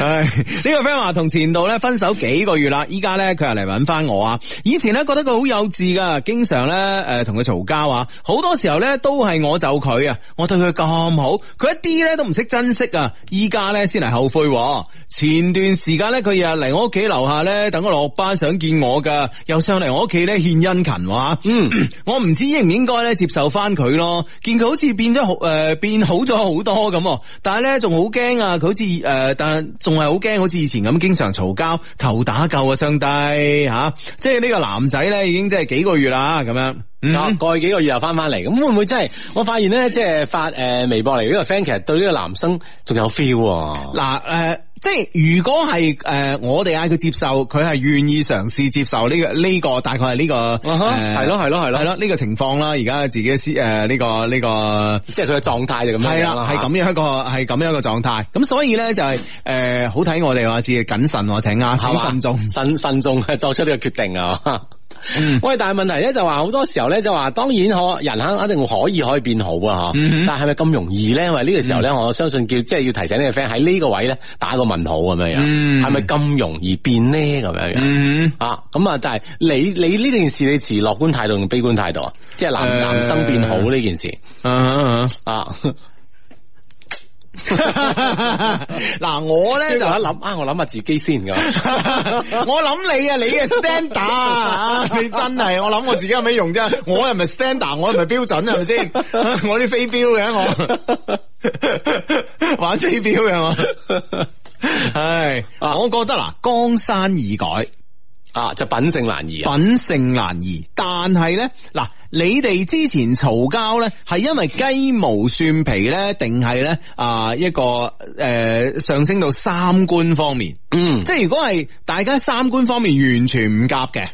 唉，呢 個 friend 話同前度咧分手幾個月啦，依家咧佢又嚟揾翻我啊。以前咧覺得佢好幼稚噶，經常咧誒同佢嘈交啊，好多時候咧都係我就佢啊，我對佢咁好，佢一啲咧都唔識珍惜啊。依家咧先嚟後悔。前段時間咧佢又嚟我屋企樓下咧等我落班想見我噶，又上嚟我屋企咧獻殷勤話，嗯，我唔知應唔應該咧接受翻佢咯。見佢好似變。變咗好誒、呃，變好咗好多咁，但係咧仲好驚啊！佢好似誒，但係仲係好驚，好似以前咁經常嘈交，頭打救啊！上帝吓、啊，即係呢個男仔咧，已經即係幾個月啦，咁樣，再過、嗯、去幾個月又翻翻嚟，咁會唔會真係？我發現咧，即係發誒微博嚟，呢個 friend 其實對呢個男生仲有 feel，啊。嗱、啊、誒。呃即係如果係誒、呃，我哋嗌佢接受，佢係願意嘗試接受呢、這個呢、這個，大概係呢、這個係咯係咯係咯係咯呢個情況啦。而、啊、家、呃、自己嘅誒呢個呢、這個，即係佢嘅狀態就咁樣係係啦，係咁樣一個係咁樣一個狀態。咁、嗯、所以咧就係、是、誒、呃，好睇我哋話，自己係謹慎，請啊，請慎重、慎慎重作出呢個決定啊。 嗯、喂，但係問題咧就話、是、好多時候咧就話，當然可人肯肯定可以可以變好啊，吓、嗯，但係咪咁容易咧？因為呢個時候咧、嗯，我相信叫即係、就是、要提醒呢個 friend 喺呢個位咧打個問號咁樣樣，係咪咁容易變呢？咁樣樣？啊，咁啊，但係你你呢件事你持樂觀態度同悲觀態度啊、嗯？即係男、呃、男生變好呢件事啊，啊。啊嗱， 我呢就一諗啊，我諗下自己先㗎。 我諗你啊，你嘅 standard 啊，你真係我諗我自己有咩用啫？ 我又唔係 standard，我又唔係標準，係咪先？我啲飛鏢嘅我玩飛鏢嘅係嘛？唉， 我覺得嗱，江山易改。啊！就品性難移，品性難移。但係咧，嗱，你哋之前嘈交咧，係因為雞毛蒜皮咧，定係咧啊一個誒、呃、上升到三觀方面？嗯，即係如果係大家三觀方面完全唔夾嘅。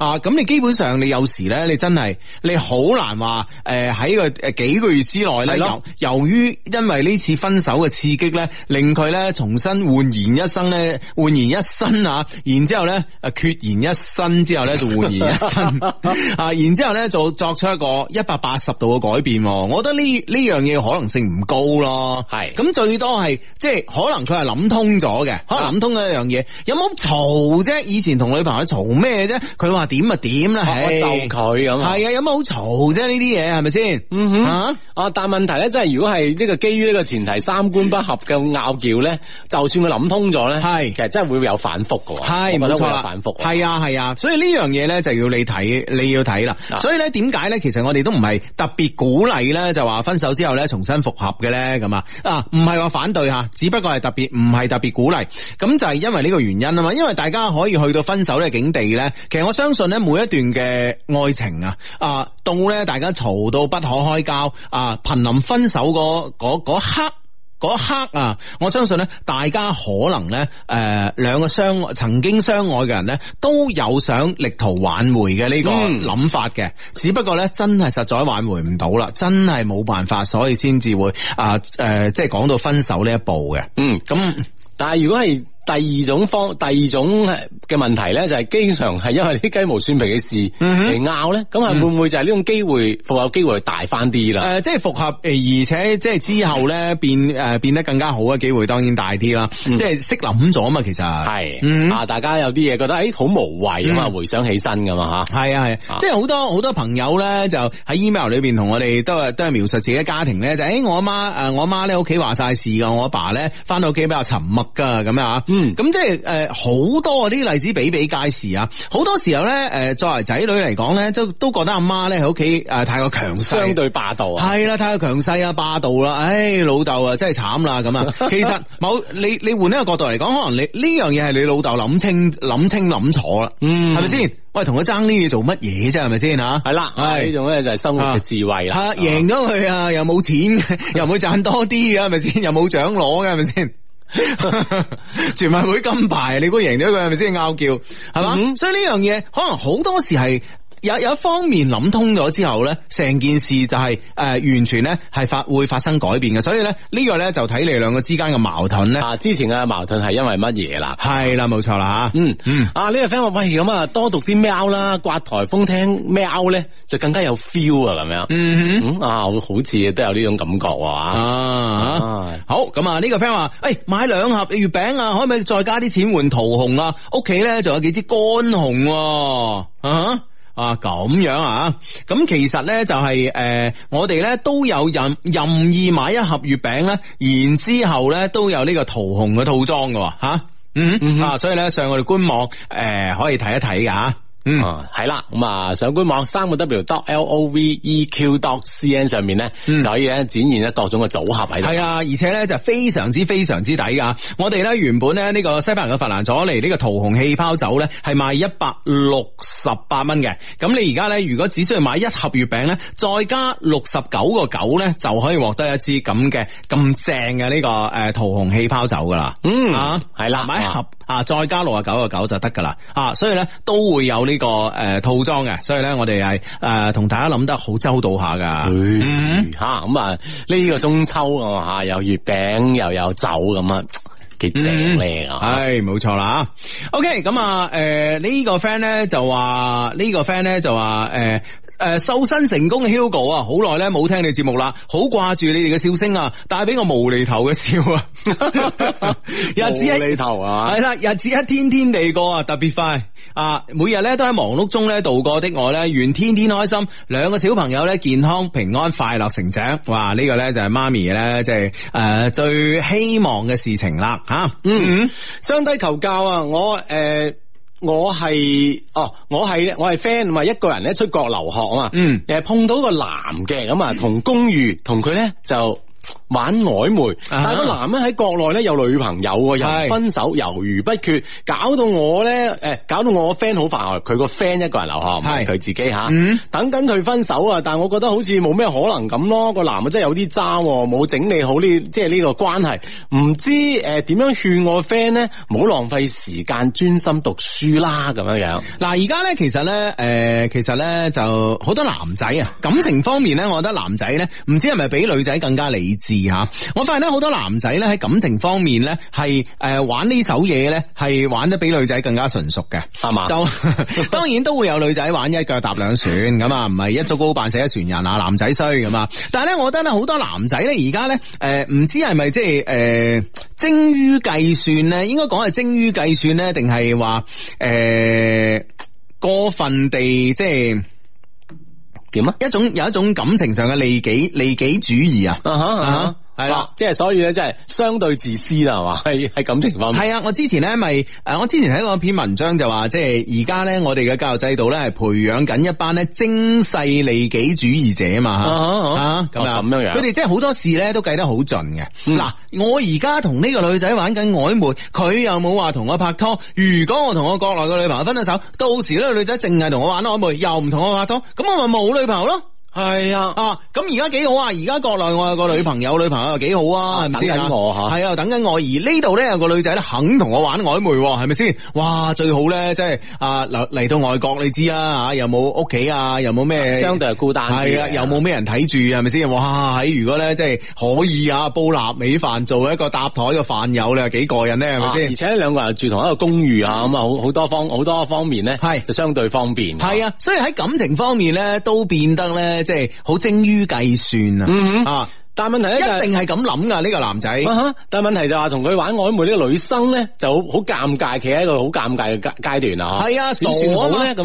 啊，咁你基本上你有時咧，你真係你好難話誒喺個誒幾個月之內咧，由由於因為呢次分手嘅刺激咧，令佢咧重新煥然一生咧，煥然一新啊，然之後咧誒缺然一生之後咧就煥然一新 啊，然之後咧就作出一個一百八十度嘅改變，啊，我覺得呢呢樣嘢可能性唔高咯。係咁最多係即係可能佢係諗通咗嘅，可能諗通咗一樣嘢，有冇嘈啫？以前同女朋友嘈咩啫？佢話。點啊點啦，我就佢咁係啊，有乜好嘈啫？呢啲嘢係咪先？啊，但問題咧，真係如果係呢個基於呢個前提三觀不合嘅拗撬咧，就算佢諗通咗咧，係其實真係會有反覆嘅，係冇錯啦，有反覆係啊係啊，啊，所以呢樣嘢咧就要你睇，你要睇啦。所以咧，點解咧？其實我哋都唔係特別鼓勵咧，就話分手之後咧重新復合嘅咧，咁啊啊，唔係話反對吓，只不過係特別唔係特別鼓勵，咁就係、是、因為呢個原因啊嘛，因為大家可以去到分手嘅境地咧，其實我相信。相信咧每一段嘅愛情啊，啊到咧大家嘈到不可開交啊，瀕臨分手嗰嗰刻嗰刻啊，我相信咧大家可能咧誒兩個相曾經相愛嘅人咧，都有想力圖挽回嘅呢個諗法嘅、嗯，只不過咧真係實在挽回唔到啦，真係冇辦法，所以先至會啊誒、啊、即係講到分手呢一步嘅。嗯，咁但係如果係。第二種方，第二種嘅問題咧，就係、是、經常係因為啲雞毛蒜皮嘅事嚟拗咧，咁、嗯、係會唔會就係呢種機會復、嗯、合機會大翻啲啦？誒、呃，即係復合誒，而且即係之後咧變誒、呃、變得更加好嘅機會，當然大啲啦、嗯。即係識諗咗嘛，其實係、嗯，啊，大家有啲嘢覺得誒好、欸、無謂啊嘛，回想起身噶嘛吓，係啊係、啊啊啊，即係好多好多朋友咧就喺 email 裏邊同我哋都係都係描述自己嘅家庭咧，就誒我阿媽誒我阿媽咧屋企話晒事噶，我阿、呃、爸咧翻到屋企比較沉默噶咁啊。嗯，咁即係誒，好多啲例子比比皆是啊！好多時候咧，誒、呃，作為仔女嚟講咧，都都覺得阿媽咧喺屋企誒太過強勢，相對霸道啊。係啦，太過強勢啊，霸道啦，唉，老豆啊，真係慘啦咁啊！其實 某你你換呢個角度嚟講，可能你呢樣嘢係你老豆諗清諗清諗楚啦，嗯，係咪先？喂，同佢爭呢嘢做乜嘢啫？係咪先吓？係啦，係呢種咧就係生活嘅智慧啦。贏咗佢啊，啊又冇錢， 又唔會賺多啲啊，係咪先？又冇獎攞嘅，係咪先？ 全運會金牌，你估贏咗佢係咪先拗撬？係嘛、嗯？所以呢樣嘢可能好多時係。有有一方面諗通咗之後咧，成件事就係、是、誒、呃，完全咧係發會發生改變嘅。所以咧呢、這個咧就睇你兩個之間嘅矛盾咧。啊，之前嘅矛盾係因為乜嘢啦？係啦，冇錯啦吓。嗯嗯。啊，呢、啊啊啊這個 friend 話，喂，咁啊，多讀啲喵啦，颳台風聽喵咧，就更加有 feel 啊，咁樣。嗯啊，好似都有呢種感覺啊。啊啊啊啊好，咁啊，呢個 friend 話，誒，買兩盒月餅啊，可唔可以再加啲錢換桃紅啊？屋企咧就有幾支乾紅啊。啊啊啊，咁樣啊，咁其實咧就係、是、誒、呃，我哋咧都有任任意買一盒月餅咧，然之後咧都有呢個桃紅嘅套裝嘅吓，嗯，嗯啊，所以咧上我哋官網誒、呃、可以睇一睇噶。吓。嗯，係、啊、啦，咁啊，上官網三個 W dot L O V E Q dot C N 上面咧、嗯，就可以咧展現咧各種嘅組合喺度。係、嗯、啊，而且咧就是、非常之非常之抵噶。我哋咧原本咧呢、呢個西班牙嘅法蘭佐嚟呢個桃紅氣泡酒咧係賣一百六十八蚊嘅。咁你而家咧如果只需要買一盒月餅咧，再加六十九個九咧就可以獲得一支咁嘅咁正嘅呢個誒桃紅氣泡酒噶啦。嗯，啊，係啦，買一盒、啊。啊！再加六啊九啊九就得噶啦！所以咧都會有呢、呢個、呃、套裝嘅，所以咧我哋係誒同大家諗得好周到下噶。咁、嗯、啊！呢、呢個中秋啊嚇，有月餅、嗯、又有酒咁啊，幾正靚啊！誒，冇錯啦嚇 O K，咁啊誒呢個 friend 咧就話，呢、呢個 friend 咧就話誒誒，瘦身成功嘅 Hugo 啊，好耐咧冇聽你節目啦，好掛住你哋嘅笑聲啊，帶俾我無厘頭嘅笑啊， 日子係無厘頭啊，係啦，日子一天天地過啊，特別快啊，每日咧都喺忙碌中咧度過的我咧，願天天開心，兩個小朋友咧健康平安快樂成長，哇，這個、呢個咧就係媽咪咧即係誒最希望嘅事情啦，吓、嗯，嗯，相帝求教啊，我誒。呃我係哦，我係我係 friend 嘛，一個人咧出國留學啊嘛，嗯，誒碰到個男嘅咁啊，同公寓同佢咧就。玩曖昧，但係個男咧喺國內咧有女朋友，uh-huh. 又分手，猶豫不決，搞到我咧，誒、欸，搞到我個 friend 好煩。佢個 friend 一個人留下係佢自己吓、啊嗯，等緊佢分手啊！但係我覺得好似冇咩可能咁咯。個男啊，真係有啲渣，冇整理好呢，即係呢個關係，唔知誒點、呃、樣勸我個 friend 咧，唔好浪費時間專心讀書啦，咁樣樣。嗱，而家咧其實咧，誒，其實咧、呃、就好多男仔啊，感情方面咧，我覺得男仔咧，唔知係咪比女仔更加理智？吓，我發現咧好多男仔咧喺感情方面咧，係誒玩呢手嘢，咧係玩得比女仔更加純熟嘅，係嘛？就當然都會有女仔玩一腳踏兩船咁啊，唔係一竹篙打死一船人啊，男仔衰咁啊！但係咧，我覺得咧好多男仔咧而家咧誒唔知係咪即係誒精於計算咧，應該講係精於計算咧，定係話誒過分地即係。點啊？一種有一種感情上嘅利己利己主義啊！啊、uh-huh, 哈、uh-huh. uh-huh. 係啦，即係所以咧，即係相對自私啦，係嘛？係喺感情方面。係啊，我之前咧咪誒，我之前睇過一篇文章就話，即係而家咧，我哋嘅教育制度咧，係培養緊一班咧精細利己主義者啊嘛吓。啊，咁咁樣樣。佢哋即係好多事咧都計得好盡嘅。嗱、嗯，我而家同呢個女仔玩緊曖昧，佢又冇話同我拍拖。如果我同我國內嘅女朋友分咗手，到時呢個女仔淨係同我玩曖昧，又唔同我拍拖，咁我咪冇女朋友咯。係啊，咁而家幾好啊！而家國內我有個女朋友，嗯，女朋友又幾好啊，等緊我吓，係啊，是是等緊我，我。而呢度咧有個女仔咧肯同我玩曖昧，係咪先？哇，最好咧，即係啊，嚟嚟到外國你知啦啊，吓，又冇屋企啊，又冇咩相對係孤單，係啊，又冇咩人睇住，係咪先？哇，喺如果咧即係可以啊，煲臘味飯做一個搭台嘅飯友，你幾幾過癮咧，係咪先？而且兩個人住同一個公寓啊，咁啊好好多方好多方面咧，係就相對方便。係啊，所以喺感情方面咧都變得咧。即係好精於計算啊、嗯哼！啊，但係問題咧、就是，一定係咁諗噶呢個男仔、啊。但係問題就話同佢玩曖昧呢個女生咧，就好尷尬，企喺一個好尷尬嘅階階段啊！係啊，傻咧咁樣，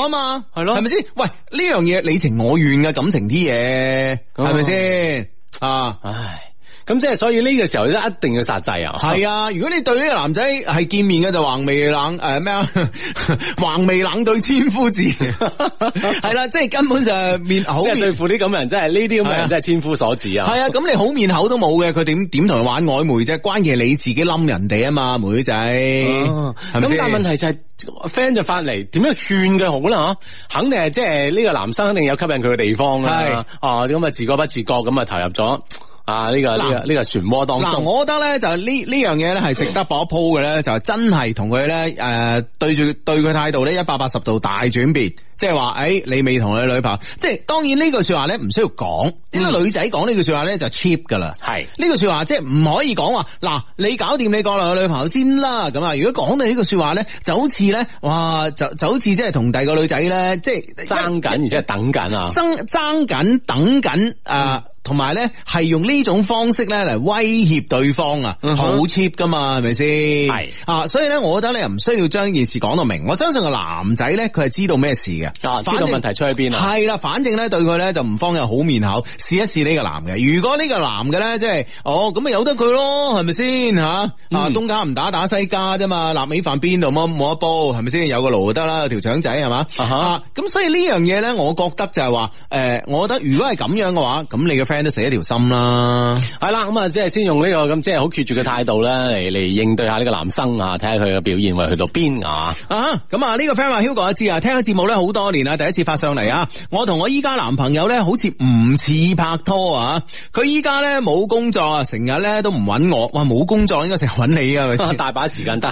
傻啊嘛，係咯，係咪先？喂，呢樣嘢你情我願嘅感情啲嘢，係咪先？啊，唉。咁即係，所以呢個時候咧，一定要殺制啊！係啊，如果你對呢個男仔係見面嘅，就橫眉冷誒咩啊？橫、呃、 眉冷對千夫指，係 啦、啊，即、就、係、是、根本上面口即係對付啲咁嘅人，真係呢啲咁嘅人真係、啊就是、千夫所指啊！係啊，咁你好面口都冇嘅，佢點點同佢玩曖昧啫？關鍵你自己冧人哋啊嘛，妹仔。咁、啊、但問問題就係、是、friend 就返嚟點樣勸佢好啦？肯定係即係呢個男生肯定有吸引佢嘅地方啦。啊，咁啊，自覺不自覺咁啊，投入咗。啊！呢個呢個呢個漩渦當中，嗱，我覺得咧就呢呢樣嘢咧係值得搏一鋪嘅咧，就係真係同佢咧誒對住對佢態度咧一百八十度大轉變，即係話誒你未同你女朋友，即係當然呢句說話咧唔需要講，因為女仔講呢句說話咧就 cheap 噶啦，係呢句說話即係唔可以講話嗱，你搞掂你國內嘅女朋友先啦，咁啊如果講到呢句說話咧就好似咧哇就就好似即係同第二個女仔咧即係爭緊而且係等緊啊爭爭緊等緊啊！呃嗯同埋咧，係用呢種方式咧嚟威脅對方啊，好 cheap 噶嘛，係咪先？係啊，所以咧，我覺得呢唔需要將件事講到明。我相信個男仔咧，佢係知道咩事嘅、啊，知道問題出喺邊啊。係啦，反正咧，對佢咧就唔方有好面口，試一試呢個男嘅。如果呢個男嘅咧，即係哦咁咪由得佢咯，係咪先吓？啊、嗯、東家唔打打西家啫嘛，臘味飯邊度冇冇一煲，係咪先？有個爐得啦，條腸仔係嘛？咁、uh-huh. 啊、所以呢樣嘢咧，我覺得就係話誒，我覺得如果係咁樣嘅話，咁你嘅 friend 驚死一條心啦，係啦，咁啊，即係先用呢個咁即係好決絕嘅態度呢嚟嚟應對下呢個男生啊，睇下佢嘅表現會去到邊啊，啊，咁啊呢個 friend 話 Hugo 阿 Sir 啊，聽咗節目咧好多年啦，第一次發上嚟啊，我同我依家男朋友咧好似唔似拍拖啊，佢依家咧冇工作，啊，成日咧都唔揾我，哇冇工作應該成日揾你啊， 大把時間得，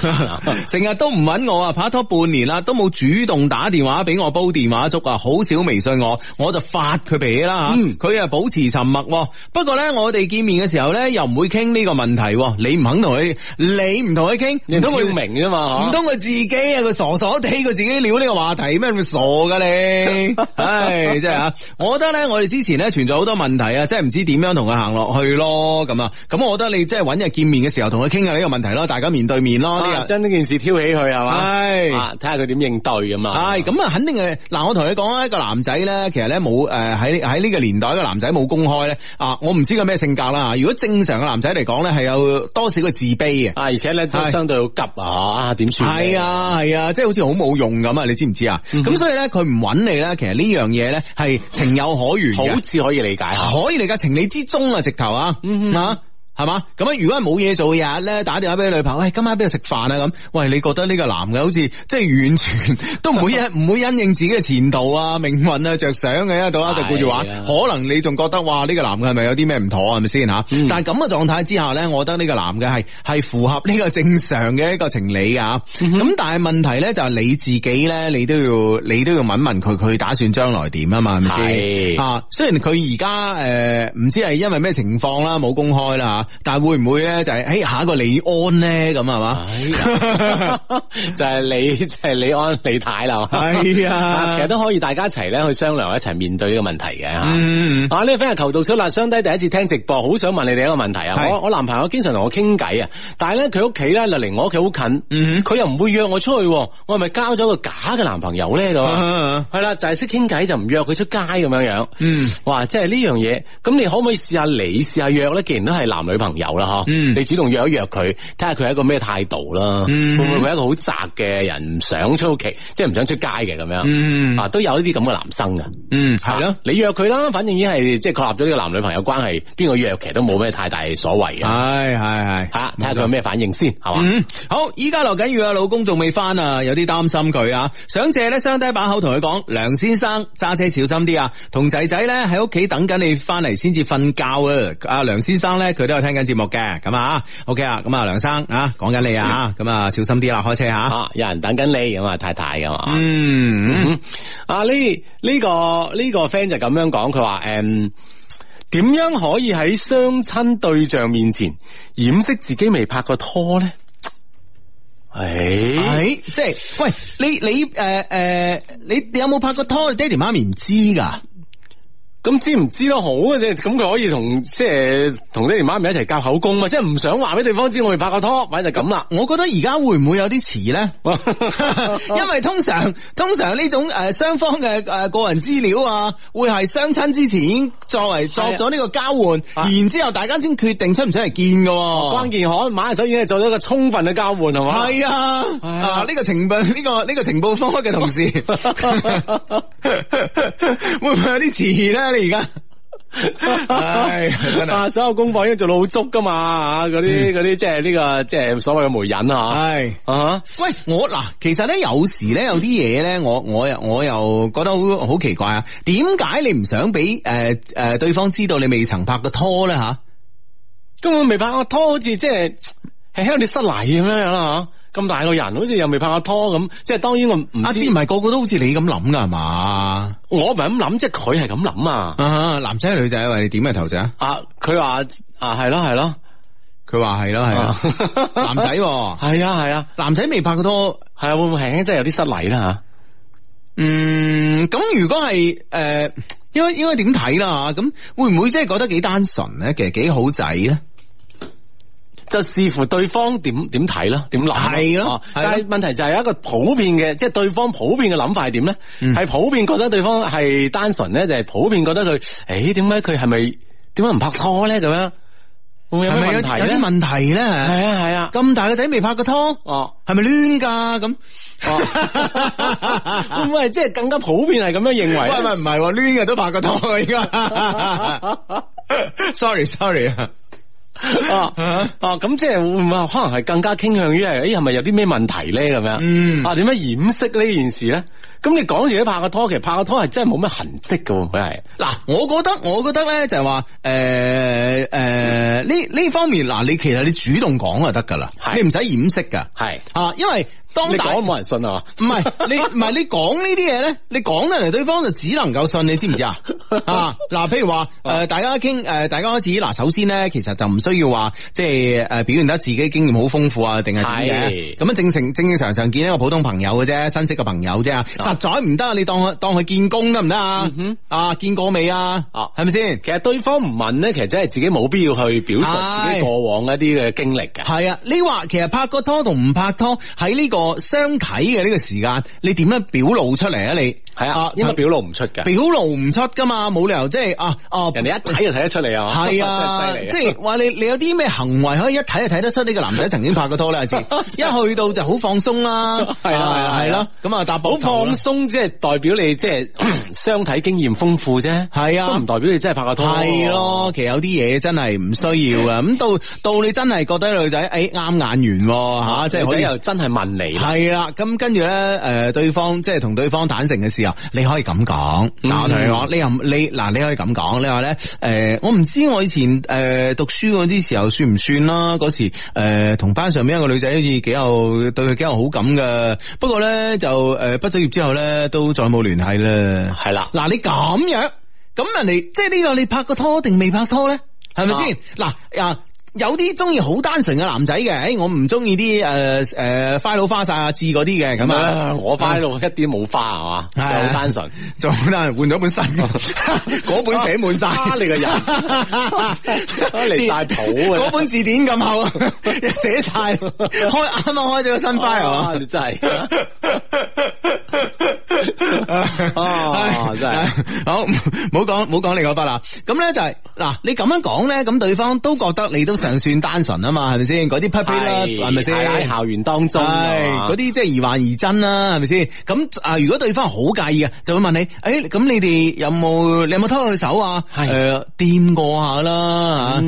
成 日都唔揾我啊，拍拖半年啦，都冇主動打電話俾我煲電話粥啊，好少微信我，我就發佢皮啦佢啊保持沉。不過咧，我哋見面嘅時候咧，又唔會傾呢個問題。你唔肯同佢，你唔同佢傾，唔通佢明啫嘛？唔通佢自己啊佢傻傻地，佢自己撩呢個話題咩？佢傻噶你。唉， 真係啊！我覺得咧，我哋之前咧存在好多問題啊，即係唔知點樣同佢行落去咯。咁啊，咁我覺得你即係揾日見面嘅時候同佢傾下呢個問題咯，大家面對面咯，呢日將呢件事挑起佢係、啊、嘛，睇下佢點應對咁啊。係咁啊，肯定係。嗱，我同你講一個男仔咧，其實咧冇誒喺喺呢個年代個男仔冇公開。啊！我唔知佢咩性格啦。如果正常嘅男仔嚟講咧，係有多少個自卑嘅啊？而且咧都相對好急啊，啊！啊，點算？係啊，係啊，即係好似好冇用咁啊！你知唔知啊？咁、嗯、所以咧，佢唔揾你咧，其實呢樣嘢咧係情有可原，好似可以理解，可以理解情理之中啊！直頭啊，吓、嗯。啊係嘛？咁啊，如果係冇嘢做嘅日咧，打電話俾女朋友，喂，今晚邊度食飯？啊咁，喂，你覺得呢個男嘅好似即係完全都唔會唔 會因應自己嘅前途啊、命運啊着想嘅，喺度啊，就顧住玩，可能你仲覺得哇，呢、呢個男嘅係咪有啲咩唔妥啊？係咪先吓？但係咁嘅狀態之下咧，我覺得呢個男嘅係係符合呢個正常嘅一個情理。啊咁、嗯、但係問題咧就係你自己咧，你都要你都要問問問佢，佢打算將來點啊？嘛係咪先啊？雖然佢而家誒唔知係因為咩情況啦，冇公開啦但係會唔會咧、就係？就係誒，下一個李安咧咁啊嘛，就係你，就係李安李太啦係啊，其實都可以大家一齊咧去商量，一齊面對呢個問題嘅吓、嗯。啊，呢個 friend 係求到出辣傷低，第一次聽直播，好想問你哋一個問題啊。我我男朋友經常同我傾偈啊，但係咧佢屋企咧就離我屋企好近，佢、嗯、又唔會約我出去，我係咪交咗個假嘅男朋友咧、啊？就係、係、啦，就係識傾偈就唔約佢出街咁樣樣。嗯，哇，即係呢樣嘢，咁你可唔可以試下你試下約咧？既然都係男女。女朋友啦嗬、嗯，你主動約一約佢，睇下佢係一個咩態度啦、嗯，會唔會佢係一個好宅嘅人，唔想出屋企，即係唔想出街嘅咁、嗯、樣、嗯，啊都有呢啲咁嘅男生噶，嗯係咯，你約佢啦，反正已經係即係確立咗呢個男女朋友關係，邊個約其實都冇咩太大所謂嘅，係係係吓，睇下佢有咩反應先係嘛，好，依家落緊雨啊，老公仲未翻啊，有啲擔心佢啊，想借呢雙低把口同佢講，梁先生揸車小心啲啊，同仔仔咧喺屋企等緊你翻嚟先至瞓覺啊，阿梁先生咧佢都。聽緊節目嘅咁啊，OK 啊，咁啊，梁生啊，講緊你啊，咁啊，小心啲啦，開車吓、啊啊，有人等緊你，咁啊，太太噶嘛，嗯，嗯啊呢呢、呢個呢、呢個 friend 就咁樣講，佢話誒，點、嗯、樣可以喺相親對象面前掩飾自己未拍過拖咧？誒、哎哎，即係喂，你你誒誒、呃呃，你有冇拍過拖？爹哋媽咪唔知噶。咁知唔知都好嘅啫，咁佢可以同即係同爹哋媽咪一齊夾口供嘛，即係唔想話俾對方知我哋拍個拖，或者就咁、是、啦。我覺得而家會唔會有啲遲咧？ 因為通常通常呢種誒雙方嘅誒個人資料啊，會係相親之前作為作咗呢個交換、啊，然之後大家先決定出唔出嚟見嘅、啊啊、關鍵可馬小姐已經係做咗一個充分嘅交換係嘛？係啊， 啊呢、這個這個這個情報呢個呢個情報開嘅同事 會唔會有啲遲咧？而家，係、 哎、真係、啊、所有功課應該做到好足㗎嘛，嗰啲啲即係呢個即係、就是、所謂嘅媒人啊啊喂，我嗱，其實咧有時咧有啲嘢咧，我我又我又覺得好好奇怪啊，點解你唔想俾誒誒對方知道你未曾拍過拖咧吓？根本未拍過、啊、拖好像是在，好似即係喺我哋失禮咁樣樣咁大個人，好似又未拍過拖咁，即係當然我唔知，唔係個個都好似你咁諗噶係嘛？我唔係咁諗，即係佢係咁諗啊！男仔女仔，你點嘅頭仔？啊，佢話啊，係咯係咯，佢話係咯係咯，男仔，係啊係啊，男仔未拍過拖，係會唔會係真係有啲失禮啦吓？嗯，咁如果係誒、呃，應該應該點睇啦？咁會唔會即係覺得幾單純咧？其實幾好仔咧？就視乎對方點點睇囉，點諗係咯，但係問題就係一個普遍嘅，即、就、係、是、對方普遍嘅諗法係點咧？係、嗯、普遍覺得對方係單純咧，就係、是、普遍覺得佢，誒、哎，點解佢係咪點解唔拍拖咧？咁樣會唔會有問題呢？是是有啲問題咧，係啊係啊，咁、啊、大嘅仔未拍過拖，哦、啊，係咪亂噶？咁會唔會即係更加普遍係咁樣認為？唔係亂係，嘅、啊、都拍過拖嘅，Sorry，sorry。 sorry, sorry 啊啊咁即係會唔會可能係更加傾向於係誒係咪有啲咩問題咧咁樣？嗯，啊，點樣掩飾呢件事咧？咁你講住你拍個拖，其實拍個拖係真係冇咩痕跡噶，佢係嗱，我覺得我覺得咧就係話誒誒呢呢方面嗱、啊，你其實你主動講就得噶啦，你唔使掩飾噶，係啊，因為。你講都冇人信啊，唔係你唔係你講呢啲嘢咧，你講得嚟， 對方就只能夠信你知知，知唔知啊？啊，嗱，譬如話誒，大家傾誒、呃，大家開始嗱，首先咧，其實就唔需要話即係誒，就是、表現得自己經驗好豐富啊，定係點嘅？咁啊，樣正正正常常見一個普通朋友嘅啫，新識嘅朋友啫，實在唔得，啊，你當佢當佢見工得唔得啊？啊，見過未啊？哦，係咪先？其實對方唔問咧，其實真係自己冇必要去表述自己過往一啲嘅經歷嘅。係啊，你話其實拍過拖同唔拍拖喺呢、這個，個相睇嘅呢個時間，你點樣表露出嚟啊？你？係啊，因為表露唔出嘅，表露唔出噶嘛，冇理由即係啊啊！啊人哋一睇就睇得出嚟啊，係、嗯、啊，即係話你你有啲咩行為可以一睇就睇得出呢 個男仔曾經拍過拖咧？一、啊嗯嗯、去到就好放鬆啦，係啊，係咯，咁啊，搭膊頭好放鬆，即係代表你即係相體經驗豐富啫，係啊，都唔代表你真係拍過拖。係咯，其實有啲嘢真係唔需要噶。咁、嗯、到到你真係覺得女仔誒啱眼緣吓，即、啊、係、啊就是、可以又真係問你係啦。咁跟住咧誒，對方即係同對方坦誠嘅事。你可以咁講，嗱我同你講，你又你嗱你，你可以咁講，你話咧，誒、呃、我唔知我以前誒讀書嗰啲時候算唔算啦，嗰時誒、呃、同班上面一個女仔好似幾有對佢幾有好感㗎。不過咧就誒畢咗業之後咧都再冇聯繫啦，係啦，嗱、啊、你咁樣，咁人哋即係呢個你拍個拖定未拍拖咧，係咪先？嗱啊。啊啊有啲中意好單純嘅男仔嘅，誒、欸，我唔中意啲誒誒，呃、file 花晒字嗰啲嘅咁啊。我點 file 一啲冇花係嘛，好單純，就換咗本新，嗰 本寫滿晒你個人離晒譜啊，嗰 本字典咁厚，寫 晒，開啱啱開咗個新 file、哦、啊，你真係、啊，真係、啊，好，唔好講唔好講你嗰筆啦。咁咧就係，嗱，你咁樣講咧，咁對方都覺得你都。就算是單純啊嘛，係咪先？嗰啲 puppy 啦，係咪先？喺校園當中是，嗰啲即係疑幻疑真啦，係咪先？咁啊，如果對方好介意嘅，就會問你，誒、哎，咁你哋有冇？你有冇拖佢手，呃嗯、啊？係掂過下啦，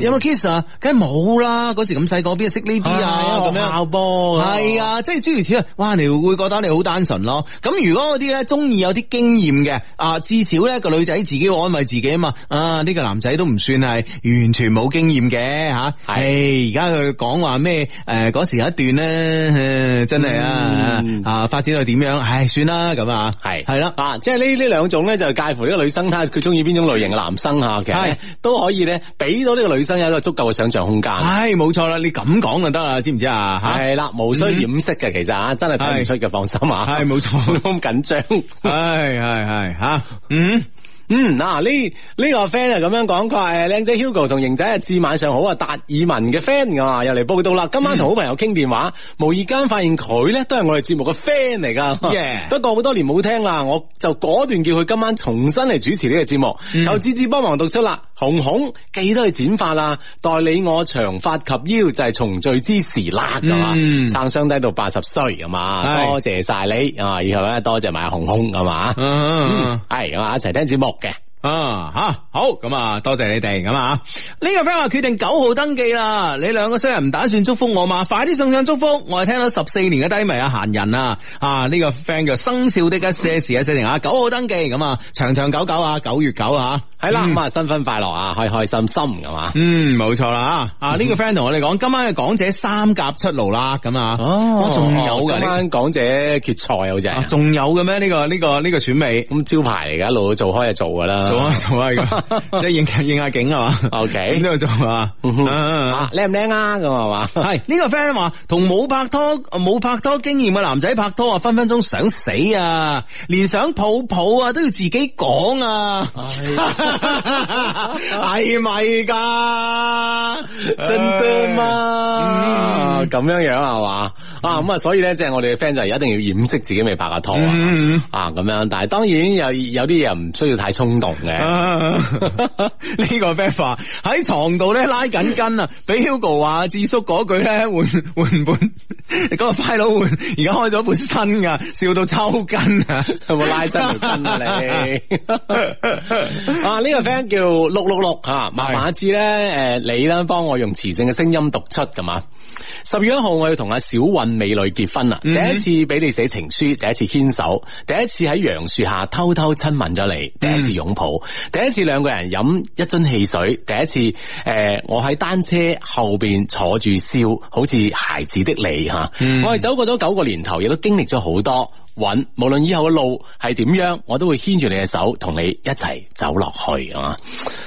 有冇 kiss 啊？梗係冇啦，嗰時咁細個，邊度識呢啲啊？校波係啊，即係諸如此啊。哇，你會覺得你好單純咯？咁如果嗰啲咧中意有啲經驗嘅啊，至少咧個女仔自己安慰自己啊嘛。啊，呢、這個男仔都唔算係完全冇經驗嘅。吓，係而家佢講話咩？誒、呃、嗰時一段咧、呃，真係啊、嗯、啊發展到點、哎、樣？唉，算啦咁啊，係係啦啊！即係呢呢兩種咧，就介乎呢個女生，睇下佢中意邊種類型嘅男生啊。其實呢的都可以咧，俾到呢個女生有一個足夠嘅想象空間。係冇錯啦，你咁講就得啦，知唔知啊？係啦，無需要掩飾嘅、嗯，其實啊，真係睇唔出嘅，放心係麼麼係係啊。係冇錯，咁緊張，係係係吓，嗯。嗯，嗱呢呢個 friend 啊咁樣講，佢係靚仔 Hugo 同型仔啊，志、這個、晚上好啊，達爾文嘅 friend 啊，又嚟報道啦。今晚同好朋友傾電話、嗯，無意間發現佢咧都係我哋節目嘅 friend 嚟噶。不、yeah. 過好多年冇聽啦，我就果斷叫佢今晚重新嚟主持呢個節目，就子子幫忙讀出啦。紅紅記得去剪髮啦？代理我長髮及腰，就係重聚之時啦，㗎、嗯、嘛？生相低到八十歲咁嘛，多謝晒你啊，以後咧多謝埋紅紅咁嘛。嗯，係、啊、我哋一齊聽節目。嘅啊吓，啊、好，咁啊多謝你哋。咁啊呢個 friend 話，決定九號登記啦，你兩個衰人唔打算祝福我嘛？快啲送上祝福。我係聽到十四年嘅低迷啊閒人啊啊呢，這個 friend 叫生肖的一些事啊四零啊九號登記，咁啊長長久久，九九啊九月九啊係啦，咁啊，新婚快樂啊，開開心心噶嘛。嗯，冇錯啦，啊呢、這個 friend 同我哋講，今晚嘅港姐三甲出爐啦，咁啊，哦，我、啊、仲有噶呢間港姐決賽好似仲有嘅咩？呢、啊這個呢、這個呢、這個選美咁招牌嚟噶，一、啊這個這個這個嗯、路做開就做噶啦，做啊做啊，即係應應下景係嘛。O K，呢度做啊？靚唔靚啊？咁、啊、係、啊啊、嘛？係呢、這個 friend 話，同冇拍拖冇拍拖經驗嘅男仔拍拖啊，分分鐘想死啊，連想抱抱啊都要自己講啊。哎 係咪噶？真的嗎？咁、uh, mm. 樣樣係嘛？Mm. 啊咁啊！所以咧，即係我哋嘅 friend 就一定要掩飾自己未拍下拖啊！Mm. 啊咁樣，但係當然有有啲嘢唔需要太衝動嘅。Uh... 呢個 rapper 喺床度咧拉緊筋啊！俾 Hugo 話智叔嗰句咧換換本，嗰 Final 快佬換而家開咗本新噶，笑到抽筋啊！有冇拉伸條筋啊你？ uh... 嗯這個、666, 呢個 friend 叫六六六嚇，馬馬志咧，誒，你咧幫我用磁性嘅聲音讀出咁啊！十月一號我要同阿小韻美女結婚啦、嗯！第一次俾你寫情書，第一次牽手，第一次喺楊樹下偷偷親吻咗你、嗯，第一次擁抱，第一次兩個人飲一樽汽水，第一次誒、呃，我喺單車後邊坐住笑，好似孩子的你吓、嗯，我係走過咗九個年頭，亦都經歷咗好多。韻，無論以後嘅路係點樣，我都會牽住你嘅手，同你一齊走落去啊！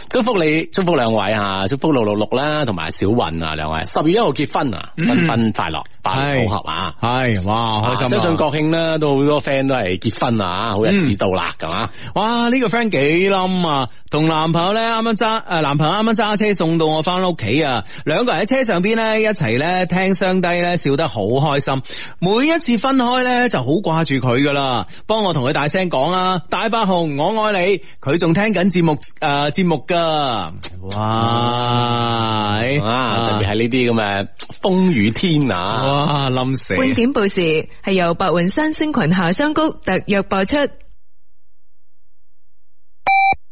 祝福你，祝福兩位吓，祝福六六六啦，同埋小韻啊，兩位十月一號結婚。新婚快樂！大組合啊，係哇，開心、啊、相信國慶咧都好多 friend 都係結婚啊，好日子到啦，咁、嗯、啊！哇、呢、這個 friend 幾冧啊！同男朋友咧，啱啱揸，誒，男朋友啱啱揸車送到我翻屋企啊，兩個人喺車上邊咧一齊咧聽雙低咧笑得好開心，每一次分開咧就好掛住佢噶啦，幫我同佢大聲講啦，大伯雄我愛你，佢仲聽緊節目誒，節、呃、目噶，哇！啊、欸，特別係呢啲咁嘅風雨天啊！啊，冧死！半點報時係由白雲山星群夏桑菊特約播出。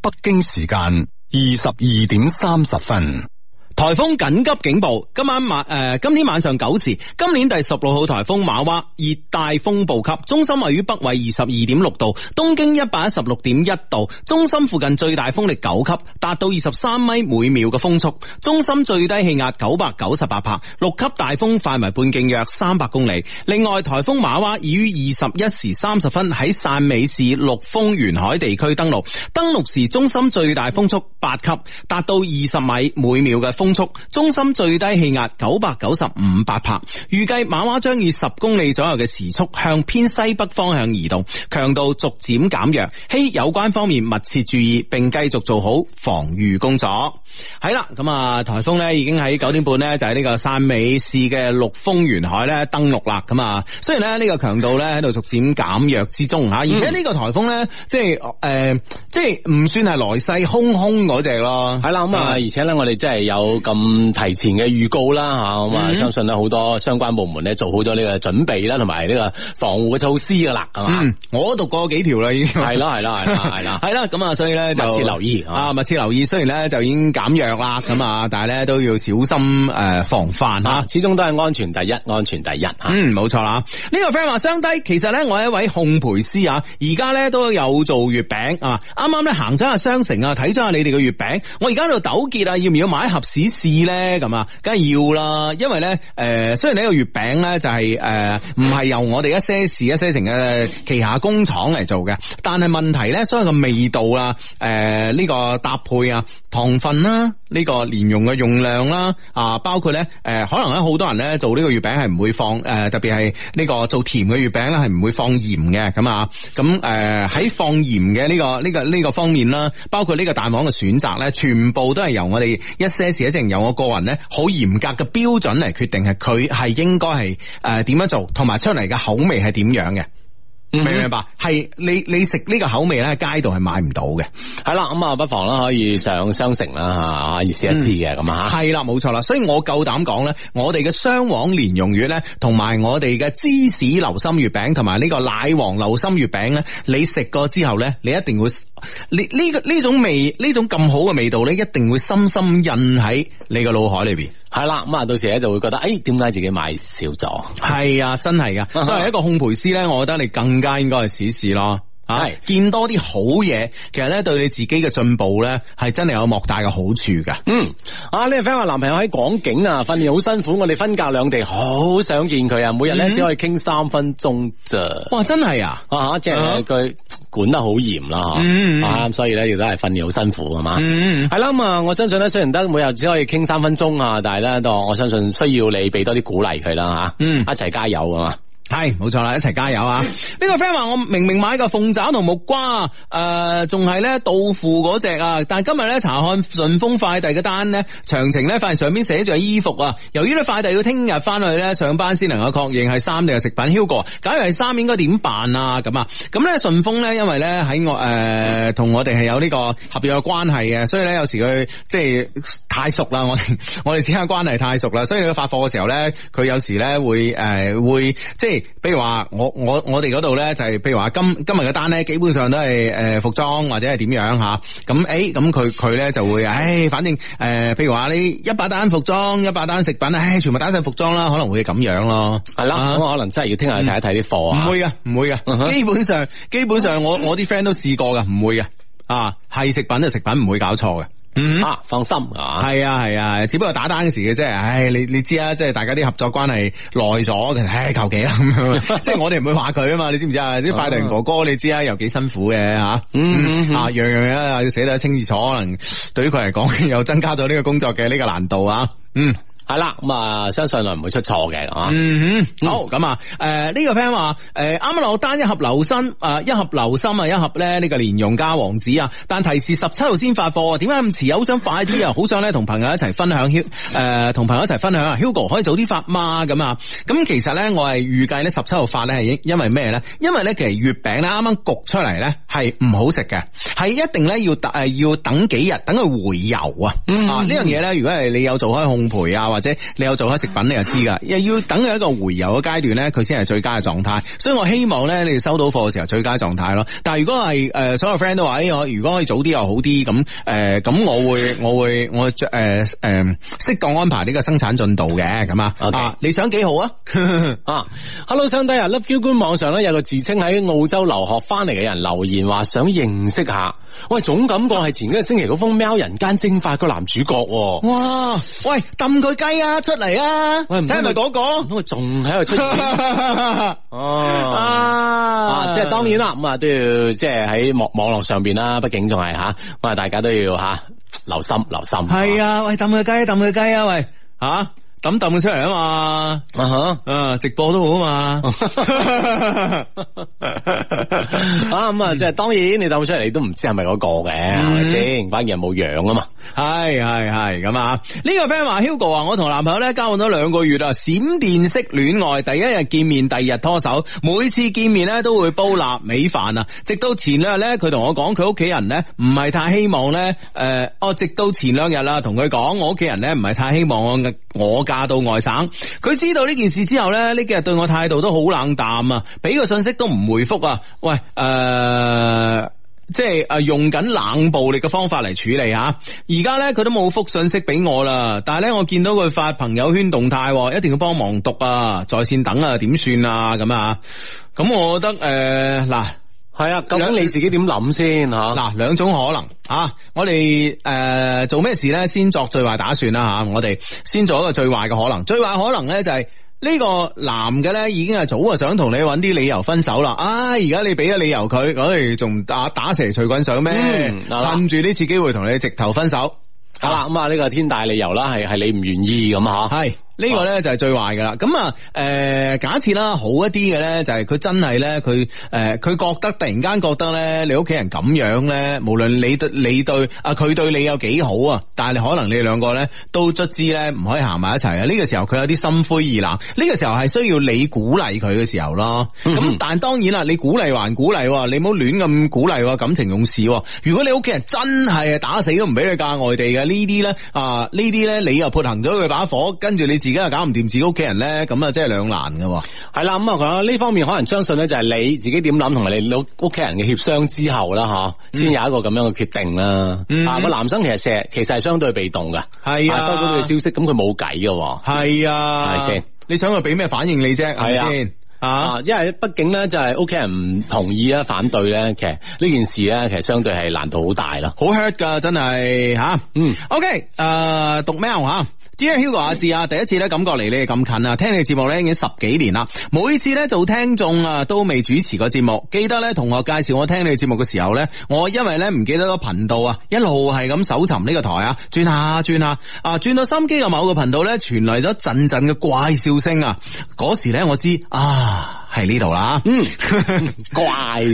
北京時間二十二點三十分。颱風緊急警報，今晚晚誒、呃，今天晚上九時，今年第十六號颱風馬娃熱帶風暴級，中心位於北緯二十二點六度，東經一百一十六點一度，中心附近最大風力九級，達到二十三米每秒嘅風速，中心最低氣壓九百九十八帕，六級大風範圍半徑約三百公里。另外，颱風馬娃已於二十一時三十分喺汕尾市陸豐沿海地區登陸，登陸時中心最大風速八級，達到二十米每秒嘅。風速，中心最低氣壓九百九十五百帕，預計馬娃將以十公里左右嘅時速向偏西北方向移動，強度逐漸減弱。希有關方面密切注意，並繼續做好防御工作。係、嗯、啦，咁啊，台風呢已經喺九點半呢，就喺呢個汕尾市嘅陸豐沿海呢登陸啦。咁啊，雖然咧呢、呢個強度呢喺度逐漸減弱之中吓、嗯，而且呢個台風呢，即係誒、呃，即係唔算係來勢洶洶嗰隻咯。係啦，咁、嗯、啊，而且呢，我哋即係有。咁提前嘅預告啦嚇，咁、嗯、啊，相信咧好多相關部門咧做好咗呢個準備啦，同埋呢個防護嘅措施噶啦，係、嗯、嘛？我都讀過幾條啦，已經係啦，係啦，係 啦，係啦，係啦，咁啊，所以咧就密切留意啊，密切留意。雖然咧就已經減弱啦，咁啊，但係咧都要小心誒防範嚇、嗯，始終都係安全第一，安全第一嚇。冇錯啦。呢、這個 friend 話雙低，其實咧我係一位烘焙師啊，而家咧都有做月餅啊。啱啱咧行咗下商城啊，睇咗下你哋嘅月餅，我而家喺度糾結啊，要唔要買一盒試試咧咁啊，梗係要啦，因為咧，誒、呃，雖然呢個月餅咧就係、是、誒，唔、呃、係由我哋一些事一些情嘅旗下工廠嚟做嘅，但係問題咧，所有嘅味道啊，誒、呃，呢、這個搭配啊，糖分啦。呢個蓮蓉嘅用量啦，啊，包括呢誒，可能咧，好多人呢做呢個月餅係唔會放，誒，特別係呢個做甜嘅月餅呢係唔會放鹽嘅，咁啊，咁誒喺放鹽嘅呢個呢個呢個方面啦，包括呢個蛋黃嘅選擇呢，全部都係由我哋一些事，一直由我個人呢好嚴格嘅標準嚟決定，係佢係應該係誒點樣做，同埋出嚟嘅口味係點樣嘅。明、唔、明白係你你食呢個口味咧，喺街度係買唔到嘅。係啦，咁啊，不妨啦，可以上商城啦吓，可以試一試嘅咁啊。係啦，冇錯啦，所以我夠膽講咧，我哋嘅雙黃蓮蓉月咧，同埋我哋嘅芝士流心月餅，同埋呢個奶黃流心月餅咧，你食過之後咧，你一定會，你呢、這個呢種味，呢種咁好嘅味道咧，一定會深深印喺你個腦海裏邊。係啦，咁啊，到時咧就會覺得，誒、哎，點解自己買少咗？係啊，真係噶。作 為一個烘焙師咧，我覺得你更。家應該係試試咯，係見多啲好嘢，其實咧對你自己嘅進步咧係真係有莫大嘅好處噶、嗯嗯啊就是。嗯，啊呢位 friend 話男朋友喺廣景啊訓練好辛苦，嗯、我哋分隔兩地，好想見佢啊，每日咧只可以傾三分鐘咋？哇，真係啊，啊即係佢管得好嚴啦，吓，所以咧亦都係訓練好辛苦啊嘛，係啦，咁啊我相信咧雖然得每日只可以傾三分鐘啊，但係咧都我相信需要你俾多啲鼓勵佢啦吓，一齊加油啊嘛。係冇錯啦，一齊加油啊！呢 個 friend 話我明明買個鳳爪同木瓜，誒、呃，仲係咧到付嗰隻啊，但係今日咧查看順豐快遞嘅單呢，詳情咧發現上面寫住係衣服啊。由於呢快遞要聽日翻去咧上班先能夠確認係衫定係食品，Hugo，假如係衫應該點辦啊？咁啊，咁咧順豐咧，因為咧喺我誒同、呃、我哋係有呢個合約嘅關係嘅，所以咧有時佢即係太熟啦，我哋我哋之間關係太熟啦，所以佢發貨嘅時候咧，佢有時咧會誒、呃、會即係。.譬如話我我我哋嗰度咧就係、是，譬如話今今日嘅單咧基本上都係誒服裝或者係點樣吓，咁誒咁佢佢咧就會誒、欸、反正誒、欸、譬如話你一百單服裝一百單食品，誒、欸、全部打晒服裝啦，可能會咁樣咯，係、嗯、啦，咁、嗯、可能真係要聽日睇一睇啲貨啊，唔會啊，唔會啊、嗯，基本上、嗯、基本上我我啲 friend 都試過噶，唔會嘅啊，係食品就食品，唔會搞錯嘅。嗯啊，放心係嘛？係啊係啊，只不過打單嗰時嘅啫，唉，你你知啊，即係大家啲合作關係耐咗，其實唉求其啊咁樣，即係我哋唔會話佢啊嘛，你知唔知啊？啲快遞員哥哥你知啊，又幾辛苦嘅,吓，嗯啊，樣樣嘢、啊、要寫得一清二楚，可能對於佢嚟講又增加咗呢個工作嘅呢個難度啊，嗯。係啦，咁啊，相信我唔會出錯嘅、嗯。嗯，哼，好咁啊，誒、呃、呢、這個 friend 話，誒啱啱落單一盒流心，誒、呃、一盒流心啊，一盒咧呢、這個蓮蓉加王子啊，但提示十七號先發貨，點解咁遲啊？好想快啲啊，好 想咧同朋友一齊分享，誒、呃、同朋友一齊分享啊，Hugo 可以早啲發嘛？咁啊，咁其實咧我係預計咧十七號發咧係因因為咩咧？因為咧其實月餅咧啱啱焗出嚟，咧係唔好食嘅，係一定咧要誒、呃、要等幾日，等佢回油、嗯、啊。啊呢樣嘢咧，如果係你有做開烘焙啊或者或者你有做開食品，你就知噶，又要等佢一個回油嘅階段咧，佢先係最佳嘅狀態。所以我希望咧，你哋收到貨嘅時候最佳狀態咯。但係如果係誒、呃、所有 friend 都話，我、欸、如果可以早啲又好啲咁，誒咁、呃、我會我會我誒誒適當安排呢個生產進度嘅，咁、okay。啊。你想幾好 啊？Hello, 上帝啊，Hello，兄弟啊，Love Q 官網上咧有個自稱喺澳洲留學翻嚟嘅人留言話想認識一下。喂，總感覺係前幾個星期嗰封喵人間蒸發個男主角、啊。哇，喂，抌佢！雞啊出嚟啊！喂，睇係咪嗰個？咁啊，仲喺度出面哦啊！即係當然啦，咁啊都要即係喺網網絡上邊啦，畢竟仲係吓，咁啊大家都要吓留心留心。係啊，喂，抌佢雞，抌佢雞啊！喂，吓抌抌出嚟啊嘛，啊吓啊，直播都好啊嘛。啊咁啊，即係當然你抌出嚟你都唔知係咪嗰個嘅，係咪先？反而係冇樣啊嘛。係係係咁啊！呢、這個 friend 話 Hugo 啊，我同男朋友呢交往咗兩個月啦，閃電式戀愛，第一日見面，第二日拖手，每次見面呢都會煲臘味飯啊！直到前兩日呢，佢同我講佢屋企人呢唔係太希望呢。誒、呃，哦，直到前兩日啦，同佢講我屋企人呢唔係太希望我我嫁到外省。佢知道呢件事之後呢，呢幾日對我態度都好冷淡啊，俾個信息都唔回覆啊！喂誒。呃即係誒，用緊冷暴力嘅方法嚟處理吓。而家咧佢都冇覆信息俾我啦，但係咧我見到佢發朋友圈動態，一定要幫忙讀啊，在線等啊，點算啊咁啊？咁我覺得誒嗱，係、呃、啊，究竟你自己點諗先吓？嗱、啊，兩種可能吓、啊，我哋誒、呃、做咩事咧？先作最壞打算啦吓、啊，我哋先做一個最壞嘅可能。最壞可能咧就係、是。呢、這個男嘅咧已經係早就想同你揾啲理由分手啦！啊，而家你俾咗理由佢，佢仲打打蛇隨棍上咩、嗯？趁住呢次機會同你直頭分手。嗯、好啦，咁啊呢個天大理由啦，係係你唔願意咁嚇，係。呢、這個咧就係最壞噶啦，咁啊，誒，假設啦好一啲嘅咧，就係佢真係咧，佢、呃、誒，佢覺得突然間覺得咧，你屋企人咁樣咧，無論你對，你對啊，佢對你有幾好啊，但係你可能你哋兩個咧都卒之咧唔可以行埋一齊啊，呢、這個時候佢有啲心灰意冷，呢、這個時候係需要你鼓勵佢嘅時候咯。咁、嗯嗯、但當當然啦，你鼓勵還鼓勵，你唔好亂咁鼓勵，感情用事。如果你屋企人真係打死都唔俾佢嫁外地嘅呢啲咧，啊呢啲咧你又潑行咗佢把火，跟住你。自己又搞唔掂自己屋企人咧，咁啊，即係兩難嘅。係啦，咁啊，佢呢方面可能相信咧，就係你自己點諗同埋你屋企人嘅協商之後啦，吓、嗯，先有一個咁樣嘅決定啦。啊、嗯，個男生其實係，其實係相對被動嘅，係啊，收到呢個消息，咁佢冇計嘅，係啊，係先，你想佢俾咩反應你啫，係啊先？啊，啊，因為畢竟咧就係屋企人唔同意啊，反對咧，其實呢件事咧其實相對係難度好大啦，好 hurt 噶，真係吓、啊，嗯，OK，誒、呃，讀 mail 吓、啊、，Dear Hugo 阿、嗯、志啊，第一次咧感覺離你哋咁近啊，聽你節目咧已經十幾年啦，每次咧做聽眾啊都未主持過節目，記得咧同學介紹我聽你節目嘅時候咧，我因為咧唔記得個頻道啊，一路係咁搜尋呢個台啊，轉下轉下啊，轉到心機嘅某個頻道咧，傳嚟咗陣陣嘅怪笑聲啊，嗰時咧我知啊。啊。係呢度啦，嗯，怪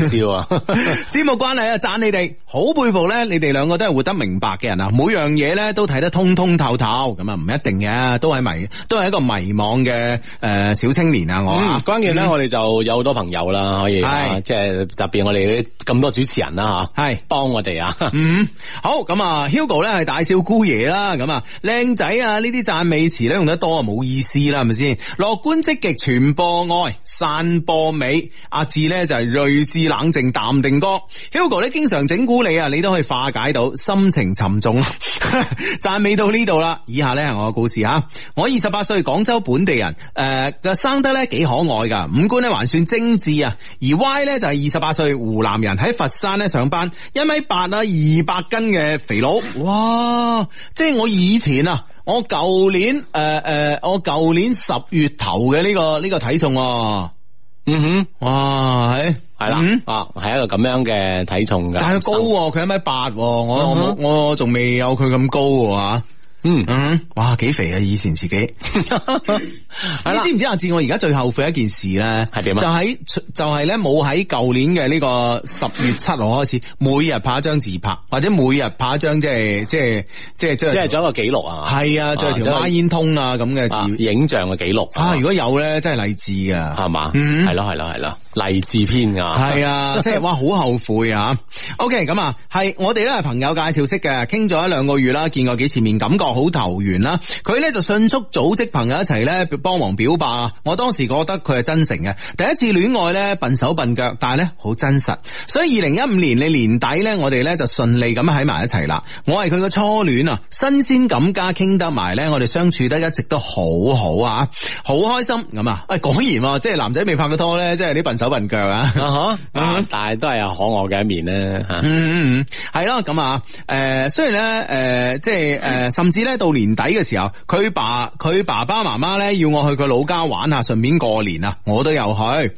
笑啊笑的！節目關係啊，讚你哋，好佩服咧。你哋兩個都係活得明白嘅人啊，每樣嘢咧都睇得通通透透。咁啊，唔一定嘅，都係迷，都係一個迷惘嘅誒小青年啊。我啊、嗯，關鍵咧，嗯、我哋就有好多朋友啦，可以，即係、啊就是、特別我哋咁多主持人啦吓，係幫我哋啊。嗯，好咁啊，Hugo 咧係大少姑爺啦。咁啊，靚仔啊，呢啲讚美詞咧用得多啊，冇意思啦，係咪先？樂觀積極，傳播愛，散。播美阿志呢就係睿智冷靜淡定哥，Hugo 咧經常整蠱你啊，你都可以化解到，心情沉重。讚 美到呢度啦，以下呢係我嘅故事吓，我二十八歲，廣州本地人，誒、呃、個生得呢幾可愛噶，五官呢還算精致啊，而 Y 呢，就係二十八歲湖南人喺佛山呢上班，一米八啊，二百斤嘅肥佬，哇！即係我以前啊，我舊年誒誒、呃，我舊年十月頭嘅呢個呢個體重。嗯哼，哇，係係啦，啊，係、嗯、一個咁樣嘅體重噶，但係佢高，佢一米八，我我我仲未有佢咁高啊。嗯，嗯，哇，幾肥啊！以前自己， 你知唔知阿志？我而家最後悔一件事咧，就喺、係點、就係咧冇喺舊年嘅呢個十月七號開始，每日拍一張自拍，或者每日拍一張、即係即係即係、即係即係即係即係即係做一個記錄啊！係啊，條孖煙通啊咁嘅、啊即係啊、影像嘅記錄啊！如果有咧，真係勵志嘅，係嘛，係 咯，係咯，係咯。勵志篇啊，係啊，即係哇，好後悔啊！O K，咁啊，係我哋咧係朋友介紹識嘅，傾咗一兩個月啦，見過幾次面，感覺好投緣啦。佢咧就迅速組織朋友一齊咧幫忙表白啊！我當時覺得佢係真誠嘅，第一次戀愛咧笨手笨腳，但係咧好真實。所以二零一五年你年底咧，我哋咧就順利咁喺埋一齊啦。我係佢個初戀啊，新鮮感加傾得埋咧，我哋相處得一直都好好啊，好開心咁啊！誒，果然即、啊、係男仔未拍過拖咧，即係你笨手。搵腳啊！但係都係可愛嘅一面咧嚇。嗯嗯，係咯咁啊。誒、嗯嗯嗯嗯嗯，雖然咧誒、呃，即係誒、呃，甚至咧到年底嘅時候，佢爸佢爸爸媽媽咧要我去佢老家玩下，順便過年啊，我都有去。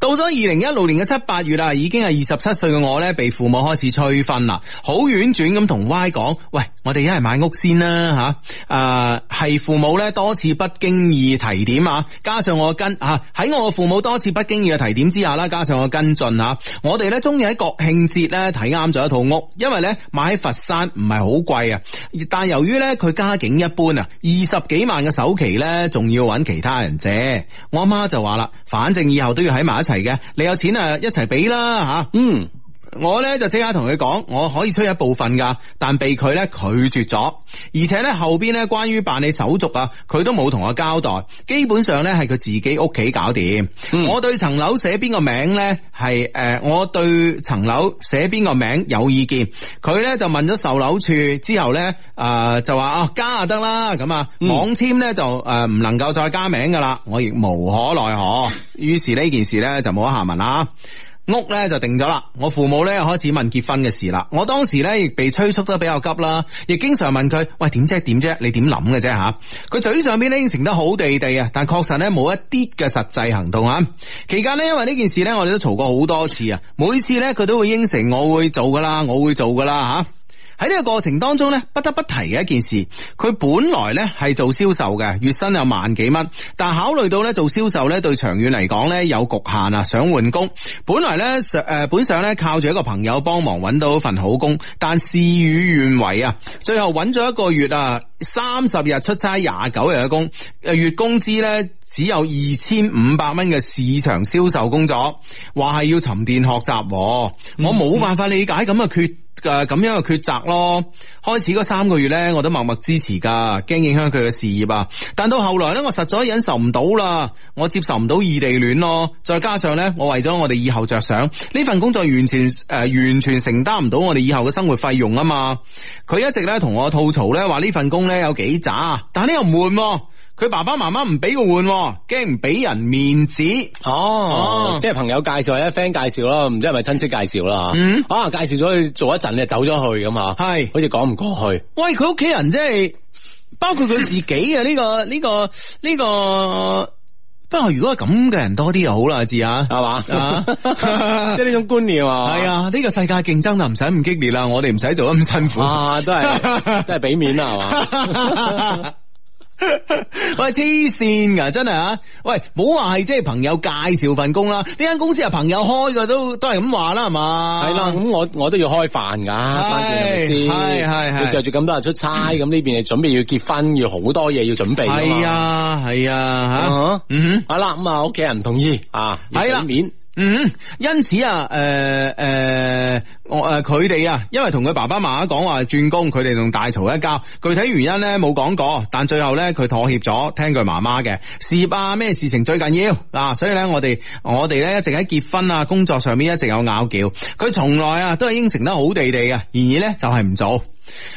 到咗二零一六年嘅七八月啦，已經係二十七歲嘅我咧，被父母開始催婚啦，好婉轉咁同 Y 講，喂，我哋一係買屋先啦吓，誒、啊，係父母咧多次不經意提點啊，加上我跟啊喺我父母多次不經意嘅提點之下啦，加上我跟進吓，我哋咧中意喺國慶節咧睇啱咗一套屋，因為咧買喺佛山唔係好貴啊，但由於咧佢家境一般啊，二十幾萬嘅首期咧仲要揾其他人借，我阿媽就話啦，反正以後都要喺埋一齊嘅，你有錢啊一齊俾啦吓，嗯。我咧就即刻同佢講，我可以出一部分噶，但被佢咧拒絕咗。而且咧後邊咧關於辦理手續啊，佢都冇同我交代。基本上咧係佢自己屋企搞掂，嗯。我對層樓寫邊個名咧係誒我對層樓寫邊個名有意見。佢咧就問咗售樓處之後咧誒、呃、就話啊加就得啦咁啊網簽咧就誒唔能夠再加名噶啦，我亦無可奈何。於是呢件事咧就冇得下文啦。屋咧就定咗啦，我父母咧又開始問結婚嘅事啦。我當時咧亦被催促得比較急啦，亦經常問佢：喂，點啫點啫？你點諗嘅啫吓？佢嘴上邊咧應承得好地地啊，但確實咧冇一啲嘅實際行動啊。期間呢，因為呢件事咧，我哋都嘈過好多次啊。每次咧佢都會應承我會做噶啦，我會做噶啦吓。喺呢個過程當中呢，不得不提嘅一件事，佢本來呢係做銷售嘅，月薪有萬幾蚊，但考慮到呢做銷售呢對長遠嚟講呢有局限啊，想換工，本來呢誒、呃、本想呢靠住一個朋友幫忙揾到份好工，但事與願違啊，最後揾咗一個月啊三十日出差廿九日嘅工，誒月工資呢。只有二千五百蚊嘅市場銷售工作，話係要沉澱學習，嗯，我冇辦法理解咁嘅決誒咁樣嘅抉擇咯。開始嗰三個月呢，我都默默支持噶，驚影響佢嘅事業啊。但到後來呢，我實在忍受唔到啦，我接受唔到異地戀咯。再加上呢，我為咗我哋以後着想，呢份工作完全誒、呃、完全承擔唔到我哋以後嘅生活費用啊嘛。佢一直呢，同我吐槽呢，話呢份工呢，有幾渣，但係呢又唔悶。佢爸爸媽媽唔俾佢換，驚唔俾人面子。哦，哦即係朋友介紹，或者 friend 介紹啦，唔知係咪親戚介紹啦吓。啊，介紹咗去做一陣，你就走咗去咁啊？係，好似講唔過去。喂，佢屋企人即係，包括佢自己、 這個這個這個、啊，呢個呢個呢個。不過如果咁嘅人多啲就好啦，你知吓，係嘛？即係呢種觀念 啊。係啊，呢個世界競爭就唔使咁激烈啦，我哋唔使做得咁辛苦啊，都係，真係俾面啦，係嘛？我係黐綫噶，真係啊！喂，冇話係即係朋友介紹份工啦，呢間公司係朋友開嘅，都都係咁話啦，係嘛？係啦，咁我我都要開飯噶，係咪先？係係，你穿著住咁多人出差，咁呢邊係準備要結婚，要好多嘢要準備啊嘛？係啊，係啊，吓、啊，嗯哼，係啦，咁啊，屋企人唔同意啊，係啦，面。嗯，因此啊，誒、呃、誒，我誒佢哋啊，呃呃、他因為同佢爸爸媽媽講話轉工，佢哋仲大嘈一交。具體原因咧冇講過，但最後咧佢妥協咗，聽佢媽媽嘅事啊，咩事情最緊要嗱。所以咧，我哋我哋咧一直喺結婚啊工作上面一直有拗撬，佢從來啊都係應承得好地地嘅，然而咧就係唔做。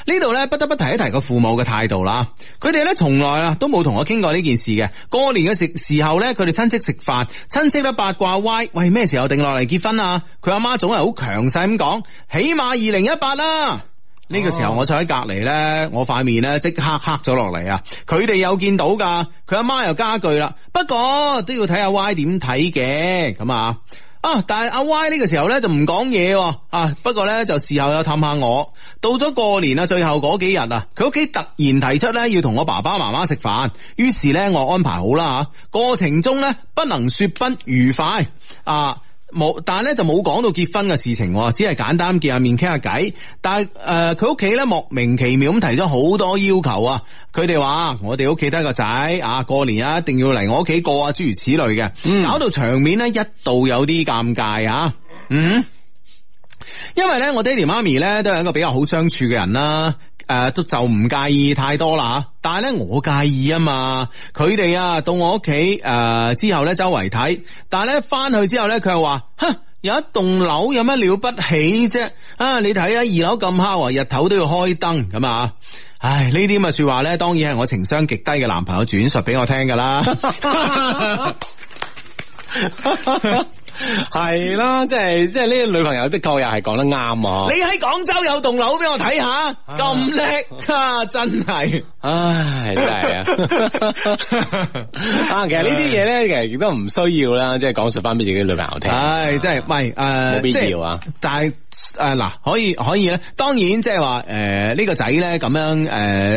呢度呢，不得不提一提個父母嘅態度啦，佢哋呢，從來啊都冇同我傾過呢件事嘅。過年嘅時時候呢，佢哋親戚食飯，親戚都八卦 Y 喂咩時候定落嚟結婚啊？佢阿媽總係好強勢咁講，起碼二零一八啦。呢、哦呢個時候我坐喺隔籬呢，我塊面呢即刻黑咗落嚟啊！佢哋有見到噶，佢阿媽又加句啦，不過都要睇下 Y 點睇嘅咁啊。啊！但係阿 Y 呢個時候咧就唔講嘢，啊！不過咧就事後又探下我。到咗過年啊，最後嗰幾日啊，佢屋企突然提出咧要同我爸爸媽媽食飯，於是咧我安排好啦吓。過程中咧不能說不愉快啊。冇，但係咧就冇講到結婚嘅事情，只係簡單見下面傾下偈。但係誒，佢屋企咧莫名其妙咁提咗好多要求啊！佢哋話我哋屋企得個仔啊，過年啊一定要嚟我屋企過啊，諸如此類嘅，嗯、搞到場面咧一度有啲尷尬啊！嗯，因為咧我爹哋媽咪咧都係一個比較好相處嘅人啦。誒、呃，都就唔介意太多啦，但係咧我介意啊嘛，佢哋啊到我屋企誒之後咧周圍睇，但係咧翻去之後咧佢又話，哼，有一棟樓有乜了不起啫？啊，你睇呀，二樓咁黑，日頭都要開燈咁啊，唉，呢啲咁嘅說話咧，當然係我情商極低嘅男朋友轉述俾我聽噶啦。係啦，即係即係呢個女朋友的確又係講得啱啊！你喺廣州有棟樓俾我睇下，咁叻啊！真係，唉，真係啊！ 啊，其實呢啲嘢咧，其實亦都唔需要啦，即係講述翻俾自己女朋友聽。唉，真係，喂、啊，誒，冇必要啊。但係誒嗱，可以可以咧，當然即係話誒呢個仔咧咁樣誒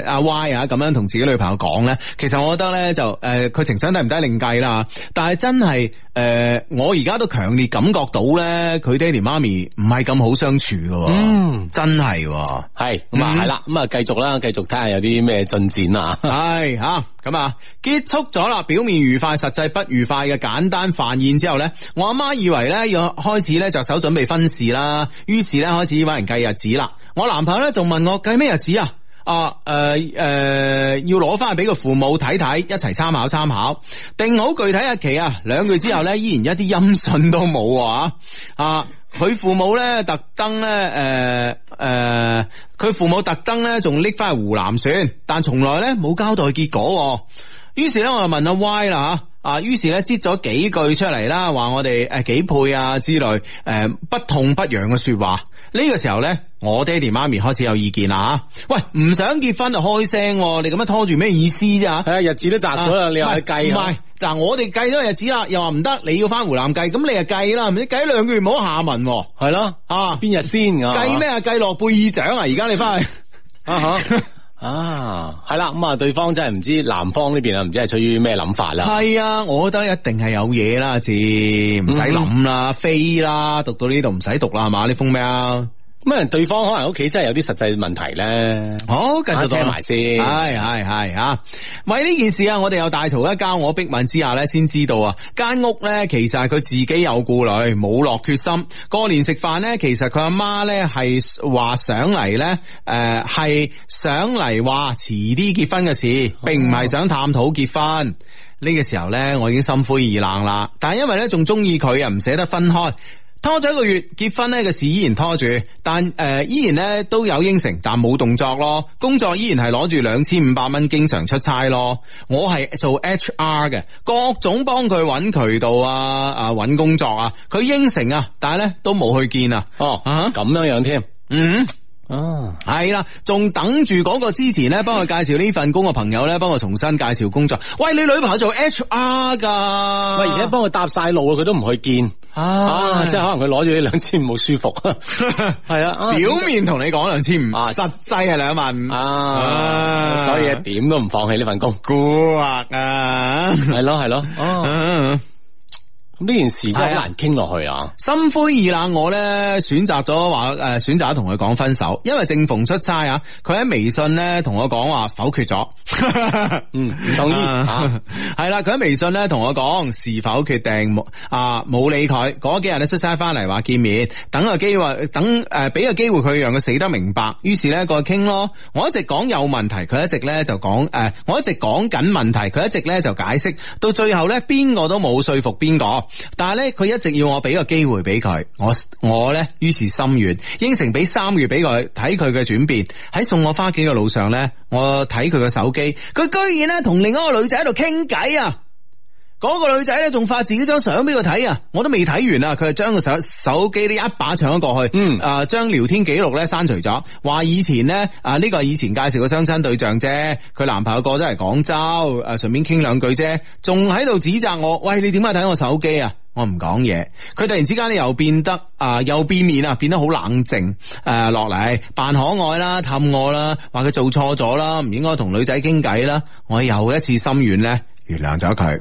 阿、啊、Y 啊咁樣同自己女朋友講咧，其實我覺得咧就誒佢、呃、情商低唔低另計啦，但係真係誒、呃、我而家都。強烈感覺到咧，佢爹哋媽咪唔係咁好相處㗎。嗯，真係，係咁啊，係啦，咁啊，繼續啦，嗯，繼續睇下有啲咩進展啊，係吓，咁啊，結束咗啦。表面愉快，實際不愉快嘅簡單飯宴之後咧，我阿媽以為咧要開始咧就手準備婚事啦。於是咧開始搵人計日子啦，我男朋友咧仲問我計咩日子啊？啊！誒、呃、誒、呃，要攞翻去俾個父母睇睇，一齊參考參考，定好具體日期啊！兩句之後咧，依然一啲音訊都冇啊！啊，佢父母咧特登咧，誒、呃、誒，佢、呃、父母特登咧仲拎翻去湖南選，但從來咧冇交代結果。於是咧，我就問阿、啊、Y 啦吓。啊，於是咧，接咗幾句出嚟啦，話我哋誒幾倍啊之類，誒不痛不癢嘅說話。呢、這個時候咧，我爹哋媽咪開始有意見啦吓。喂，唔想結婚就開聲，你咁樣拖住咩意思啫？吓，日子都窄咗啦，你又計唔係？嗱、啊，我哋計咗日子啦，又話唔得，你要翻湖南計，咁你啊計啦，唔知計兩個月冇下文係咯、啊？啊，邊日先噶？計咩 啊？計諾貝爾獎啊？而家你翻去啊？啊，係啦，咁、嗯、啊，對方真係唔知，男方呢邊啊，唔知係出於咩諗法啦。係啊，我覺得一定係有嘢啦，至唔使諗啦，飛、嗯、啦，讀到呢度唔使讀啦，係嘛？呢封咩啊？咁啊，對方可能屋企真係有啲實際問題呢？好、哦，繼續聽埋先。係係係吓，咪呢件事啊，我哋又大嘈一交。我逼問之下呢，先知道啊，間屋呢，其實係佢自己有顧慮，冇落決心。過年食飯呢，其實佢阿媽呢，係話上嚟呢，誒係上嚟話遲啲結婚嘅事，並唔係想探討結婚。呢、嗯這個時候呢，我已經心灰意冷啦。但係因為呢，仲中意佢，又唔捨得分開。拖咗一個月，結婚呢嘅事依然拖住，但誒、呃、依然呢都有應承，但冇動作咯。工作依然係攞住兩千五百蚊，經常出差咯。我係做 HR 嘅，各種幫佢揾渠道啊，啊揾工作啊。佢應承啊，但係呢都冇去見啊。哦，咁、uh-huh? 樣樣添，嗯、mm-hmm.。哦、啊，係啦，仲等住講個之前咧，幫佢介紹呢份工嘅朋友咧，幫佢重新介紹工作。喂，你女朋友做 HR 噶，喂，而家幫佢搭晒路啊，佢都唔去見啊，即係可能佢攞住呢兩千五好舒服，係 啊，啊，表面同你講兩千五，實際係兩萬五啊，所以點都唔放棄呢份工，蠱惑啊，係咯，係咯。呢件事真係難傾落去啊！心灰意冷，我咧選擇咗話誒，選擇同佢講分手，因為正逢出差 同意 啊。佢喺微信咧同我講話否決咗。嗯，唔同意啊。係啦，佢喺微信咧同我講是否決定冇，啊冇理佢。嗰幾日咧出差翻嚟，話見面，等個機會，等誒俾個機會佢，讓佢死得明白。於是咧過去傾咯。我一直講有問題，佢一直咧就講誒、呃，我一直講緊問題，佢一直咧就解釋。到最後咧，邊個都冇說服邊個。但係咧，佢一直要我俾個機會俾佢，我我咧，於是心軟，應承俾三月俾佢睇佢嘅轉變。喺送我返屋企嘅路上咧，我睇佢嘅手機，佢居然咧同另一個女仔喺度傾偈啊！嗰、那個女仔咧，仲發自己張相俾佢睇啊！我都未睇完啊。佢就將個手手機咧一把搶咗過去，嗯啊，將聊天記錄咧刪除咗，話以前咧啊呢個係以前介紹嘅相親對象啫。佢男朋友過咗嚟廣州，誒、啊，順便傾兩句啫，仲喺度指責我。喂，你點解睇我手機啊？我唔講嘢。佢突然之間咧又變得啊又變面啊，面變得好冷靜誒，落嚟扮可愛啦，氹我啦，話佢做錯咗啦，唔應該同女仔傾偈啦。我又一次心軟咧，原諒咗佢。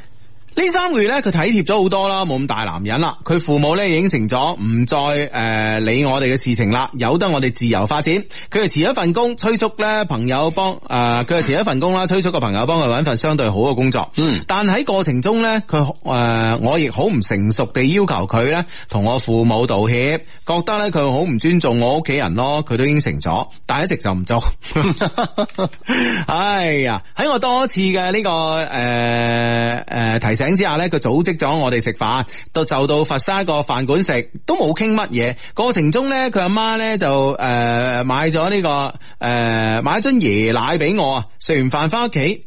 呢三個月咧，佢體貼咗好多啦，冇咁大男人啦。佢父母咧已經應承咗唔再誒、呃、理我哋嘅事情啦，由得我哋自由發展。佢係辭一份工，催促咧朋友幫誒，佢、呃、係辭一份工啦，催促個朋友幫佢搵份相對好嘅工作。嗯，但喺過程中咧，佢誒、呃，我亦好唔成熟地要求佢咧同我父母道歉，覺得咧佢好唔尊重我屋企人咯。佢都應承咗，但係一直就唔做。 哎呀，喺我多次嘅呢、這個誒誒、呃呃、提醒。之下咧，佢組織咗我哋食飯，到就到佛山個飯館食，都冇傾乜嘢。過程中咧，佢阿媽咧就誒買咗呢個誒，買樽、這個呃、椰奶俾我啊！食完飯翻屋企。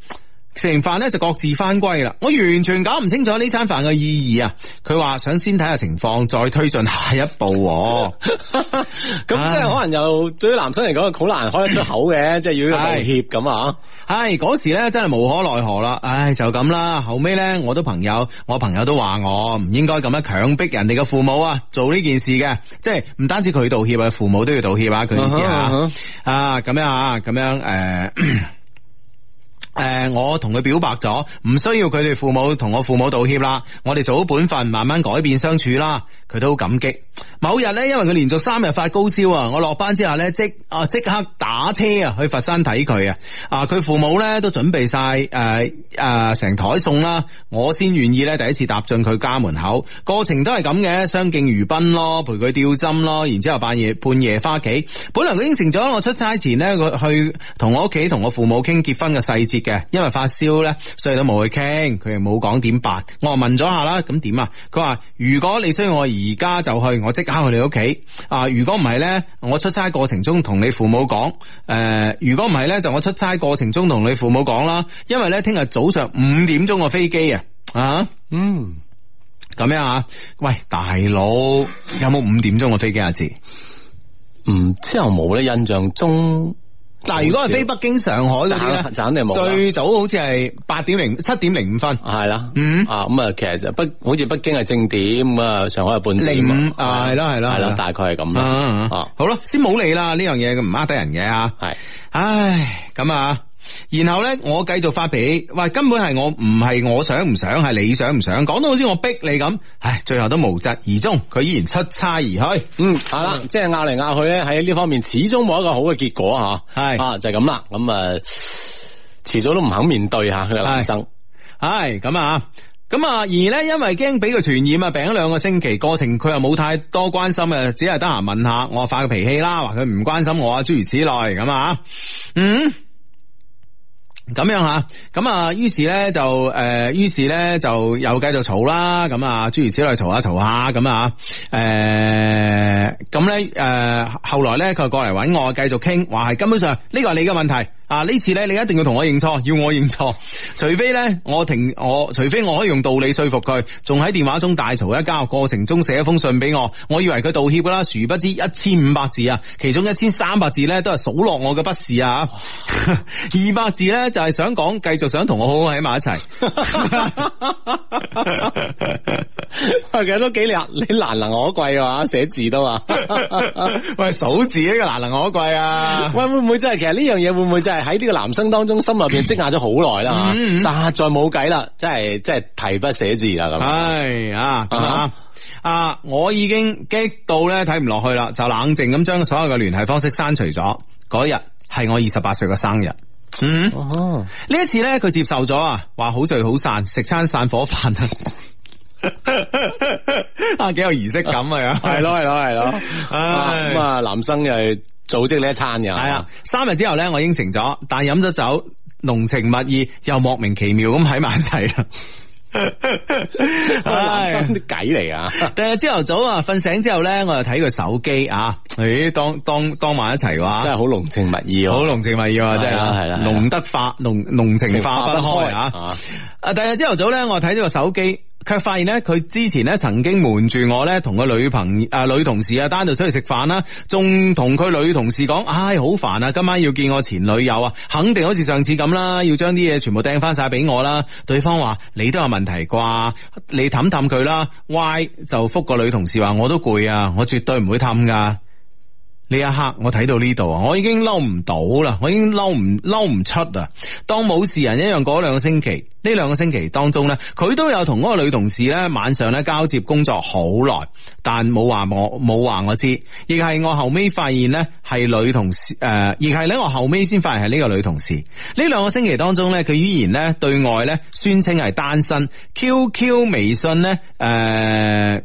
食完飯咧就各自翻歸啦。我完全搞唔清楚呢餐飯嘅意義啊！佢話想先睇下情況再推進下一步。咁 即係可能又對於男生嚟講，好難開得出口嘅， 即係要道歉咁啊！唉，嗰時咧真係無可奈何啦。唉，就咁啦。後尾咧，我啲朋友，我朋友都話我唔應該咁樣強逼人哋嘅父母啊做呢件事嘅。即係唔單止佢道歉啊，父母都要道歉他啊，啊，啊。佢意思啊，啊咁樣啊，咁樣誒。誒、呃，我同佢表白咗，唔需要佢哋父母同我父母道歉啦。我哋做好本分，慢慢改變相處啦。佢都好感激。某日咧，因為佢連續三日發高燒啊，我落班之後咧即啊即刻打車啊去佛山睇佢啊，啊。啊，佢父母咧都準備晒誒誒成台餸啦，我先願意咧第一次踏進佢家門口。過程都係咁嘅，相敬如賓咯，陪佢吊針咯，然之後半夜半夜返屋企。本來佢應承咗我出差前咧，佢去同我屋企同我父母傾結婚嘅細節。嘅，因為發燒咧，所以都冇去傾，佢又冇講點辦，我問問咗下啦，咁點啊？佢話如果你需要我而家就去，我即刻去你屋企啊！如果唔係咧，我出差過程中同你父母講，誒、啊，如果唔係咧，就我出差過程中同你父母講啦，因為咧聽日早上五點鐘嘅飛機啊，啊，嗯，咁樣啊？喂，大佬有冇五點鐘個飛機啊？字唔知有冇咧？印象中。嗱，如果係飛北京、上海嗰啲咧，肯定冇。最早好似係八點零、七點零五分，係啦，嗯，啊，咁啊，其實北好似北京係正點啊，上海係半點啊，係咯，係咯，係咯，大概係咁咯，哦、啊，好啦，先冇理啦，呢樣嘢唔呃得人嘅啊，係，唉，咁啊。然後咧，我繼續發脾氣，喂，根本係我唔係我想唔想，係你想唔想？講到好似我逼你咁，唉，最後都無疾而終，佢依然出差而去。嗯，係、嗯、啦、啊，即係壓嚟壓去咧，喺呢方面始終冇一個好嘅結果吓，係啊，就係咁啦。咁啊，遲早都唔肯面對下佢嘅男生。係咁啊，咁啊，而咧因為驚俾佢傳染啊，病咗兩個星期，過程佢又冇太多關心啊，只係得閒問下我發個脾氣啦，話佢唔關心我啊，諸如此類咁啊，嗯。咁樣吓，咁啊，於、呃、是咧就誒，於是咧就又繼續嘈啦，咁啊，諸如此類嘈下嘈下咁啊，誒，咁咧誒，後來咧佢過嚟搵我繼續傾，話係根本上呢個係你嘅問題。啊！這次呢次咧，你一定要同我認錯，要我認錯，除非咧我停我，除非我可以用道理說服佢，仲喺電話中大嘈一交，過程中寫一封信俾我，我以為佢道歉噶啦，殊不知一千五百字啊，其中一千三百字咧都係數落我嘅不是啊，二百字咧就係、是、想講繼續想同我好好喺埋一齊。其 實 都幾叻，你難能可貴啊，寫字都 字啊，喂，數字呢個難能可貴啊，喂，會唔會真係其實呢樣嘢會唔會真？係喺呢個男生當中，心入邊積壓咗好耐啦，實在冇計啦，真係真係提筆寫字啦咁。係 啊啊，啊！我已經激到咧睇唔落去啦，就冷靜咁將所有嘅聯繫方式刪除咗。嗰日係我二十八歲嘅生日。嗯、啊、呢一次咧佢接受咗啊，話好聚好散，食餐散伙飯 啊，啊，啊，幾有儀式感啊，係咯係咯係咯，咁啊，男生又係。組織呢一餐嘅係啊，三日之後咧，我應承咗，但係飲咗酒，濃情蜜意又莫名其妙咁喺埋一齊啦。係啲偈嚟？啊！第日朝頭早啊，瞓醒之後咧，我又睇個手機啊。誒、哎，當當當晚一齊嘅話，真係好濃情蜜意哦，好濃情蜜意啊，真係係啦，濃、啊啊啊、得化濃濃情化不開 啊。啊，第日朝頭早咧，我睇咗個手機。卻發現咧，佢之前咧曾經瞞住我咧，同個女朋、呃、女同事啊單獨出去食飯啦，仲同佢女同事講，唉，好煩啊，今晚要見我前女友啊，肯定好似上次咁啦，要將啲嘢全部掟翻晒俾我啦。對方話你都有問題啩，你氹氹佢啦，Y 就覆個女同事話我都攰啊，我絕對唔會氹噶。呢一刻我睇到呢度啊，我已經嬲唔到啦，我已經嬲唔嬲唔出啦，當冇事人一樣過兩個星期。呢兩個星期當中咧，佢都有同嗰個女同事咧晚上咧交接工作好耐，但冇話我冇話我知，亦係我後尾發現咧係女同事誒，而係咧我後尾先發現係呢個女同事。呢兩個星期當中咧，佢依然咧對外咧宣稱係單身，QQ、微信咧誒。呃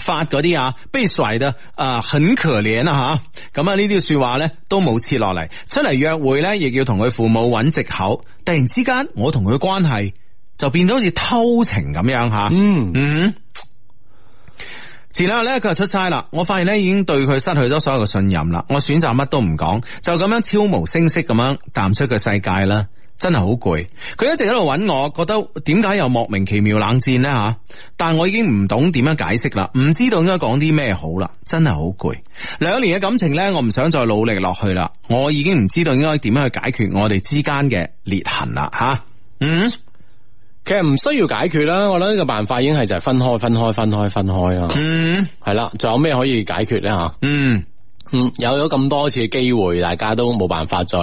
發嗰啲啊，被甩得啊，很可憐啊，吓咁啊，呢啲說話咧都冇切落嚟出嚟約會咧，亦要同佢父母揾藉口。突然之間，我同佢關係就變咗好似偷情咁樣吓、啊，嗯嗯。前兩日咧，佢就出差啦，我發現咧已經對佢失去咗所有嘅信任啦，我選擇乜都唔講，就咁樣悄無聲息咁樣淡出佢世界啦。真係好攰，佢一直喺度揾我，覺得點解又莫名其妙冷戰呢？吓？但我已經唔懂點樣解釋啦，唔知道應該講啲咩好啦，真係好攰。兩年嘅感情呢，我唔想再努力落去啦，我已經唔知道應該點樣去解決我哋之間嘅裂痕啦吓。嗯，其實唔需要解決啦，我諗呢個辦法已經係就係分開，分開，分開，分開啦。嗯，係啦，仲有咩可以解決呢？吓？嗯。嗯，有咗咁多次嘅機會，大家都冇辦法再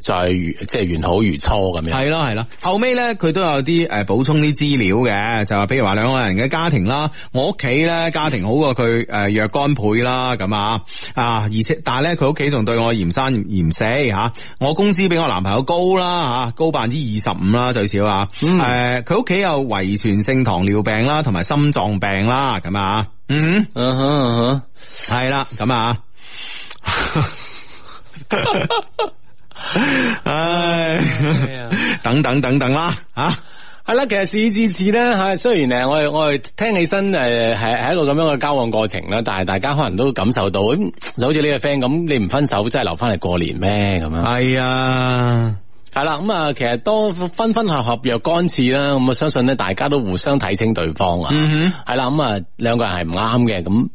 再如即係完好如初咁樣。係啦，係啦。後尾咧，佢都有啲誒補充啲資料嘅，就話譬如話兩個人嘅家庭啦。我屋企咧家庭好過佢誒、呃、若干倍啦，咁啊啊。而且但係咧，佢屋企仲對我嫌三嫌四。吓、啊。我工資比我男朋友高啦吓、啊，高百分之二十五啦最少啊。誒、嗯，佢屋企有遺傳性糖尿病啦，同埋心臟病啦，咁啊。嗯嗯哼嗯哼，係啦咁啊。 唉， 等等等等啦，吓，係啦。其實事至此咧吓，雖然誒，我哋我哋聽聽起身誒，係係一個咁樣嘅交往過程啦。但係大家可能都感受到咁，就好似呢個 friend 咁，你唔分手真係留翻嚟，過年咩咁樣，係、哎、啊，係啦。咁、嗯、啊，其實多分分合合若干次啦。咁、嗯、啊，相信咧大家都互相睇清對方啊。係係啦。咁啊，兩、嗯、個人係唔啱嘅咁。嗯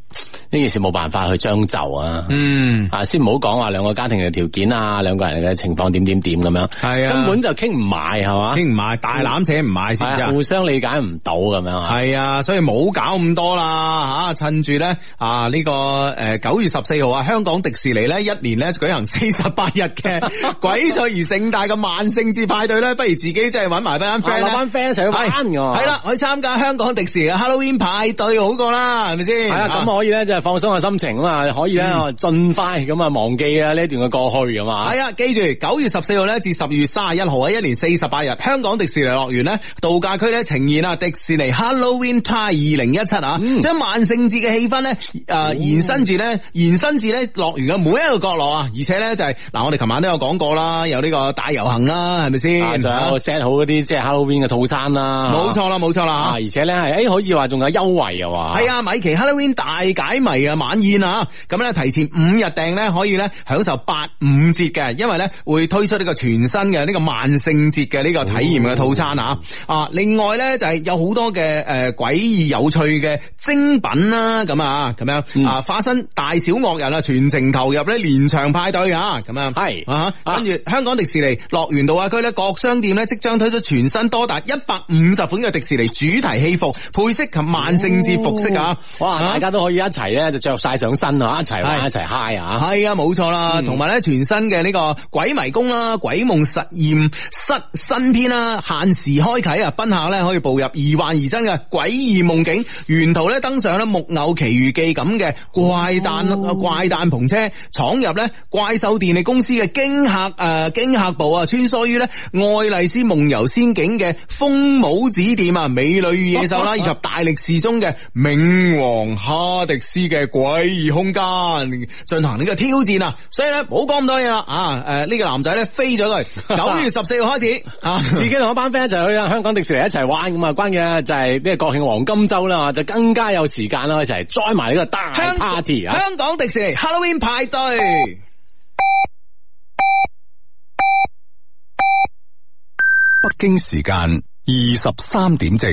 呢件事冇辦法去將就啊，嗯，啊先唔好講話兩個家庭嘅條件啊，兩個人嘅情況點點點咁樣，係啊，根本就傾唔埋係嘛，傾唔埋，大攬扯唔埋，係、嗯、互相理解唔到咁樣係啊，所以冇搞咁多啦吓，趁住咧啊呢、這個誒九、呃、月十四號啊，香港迪士尼咧一年咧舉行四十八日嘅 鬼帥而盛大嘅萬聖節派對咧，不如自己即係搵埋班班 friend 玩我，係啦，可以參加香港迪士尼嘅 Halloween 派對好過啦，係咪先？係咁、啊啊、可以咧就。放鬆下心情啊嘛，可以咧，盡、嗯、快咁啊忘記啊呢段嘅過去咁嘛。係啊，記住九月十四號咧至十月卅一號喺一年四十八日，香港迪士尼樂園呢度假區咧呈現啊迪士尼 Halloween Time 二零一七啊，將萬聖節嘅氣氛咧誒、呃、延伸住咧延伸至咧樂園嘅每一個角落啊。而且咧就係嗱，我哋琴晚都有講過啦，有呢個大遊行啦，係咪先？仲有 set 好嗰啲即係 Halloween 嘅套餐啦，冇錯啦，冇錯啦。而且咧係誒可以話仲有優惠啊，係啊，米奇 Halloween 大解謎。係啊，晚宴啊，咁咧提前五日訂咧，可以咧享受八五折嘅。因為咧會推出呢個全新嘅呢個萬聖節嘅呢個體驗嘅套餐啊，啊、哦，另外咧就係有好多嘅、誒詭異有趣嘅精品啦，咁、嗯、啊，咁樣啊化身大小惡人啊，全程投入咧連場派對啊，咁樣係啊，跟住香港迪士尼樂園度假區咧，各商店咧即將推出全新多達一百五十款嘅迪士尼主題戲服配飾及萬聖節服飾、哦、啊，哇，大家都可以一齊啊！就着晒上身啊，一齊玩一齊嗨啊！係啊，冇錯啦。同埋咧，全新嘅呢個鬼迷宮啦，鬼夢實驗室新篇啦，限時開啟啊！賓客咧可以步入疑幻而真嘅詭異夢境，沿途咧登上咧木偶奇遇記咁嘅怪誕啊、哦、怪誕篷車，闖入咧怪獸電力公司嘅驚嚇誒驚嚇部啊，穿梭於咧愛麗絲夢遊仙境嘅瘋帽子店啊，美女與野獸啦，以及大力士中嘅冥王哈迪斯。嘅詭異空間進行呢個挑戰啊！所以咧，冇講咁多嘢啦啊！誒、呃，呢、這個男仔咧飛咗去九月十四號開始啊， 自己同一班 friend 一齊去香港迪士尼一齊玩咁啊！關鍵就係呢個國慶黃金周啦，就更加有時間啦，一齊 join 埋呢個大 party 啊！香港迪士尼 Halloween 派對，北京時間二十三點正。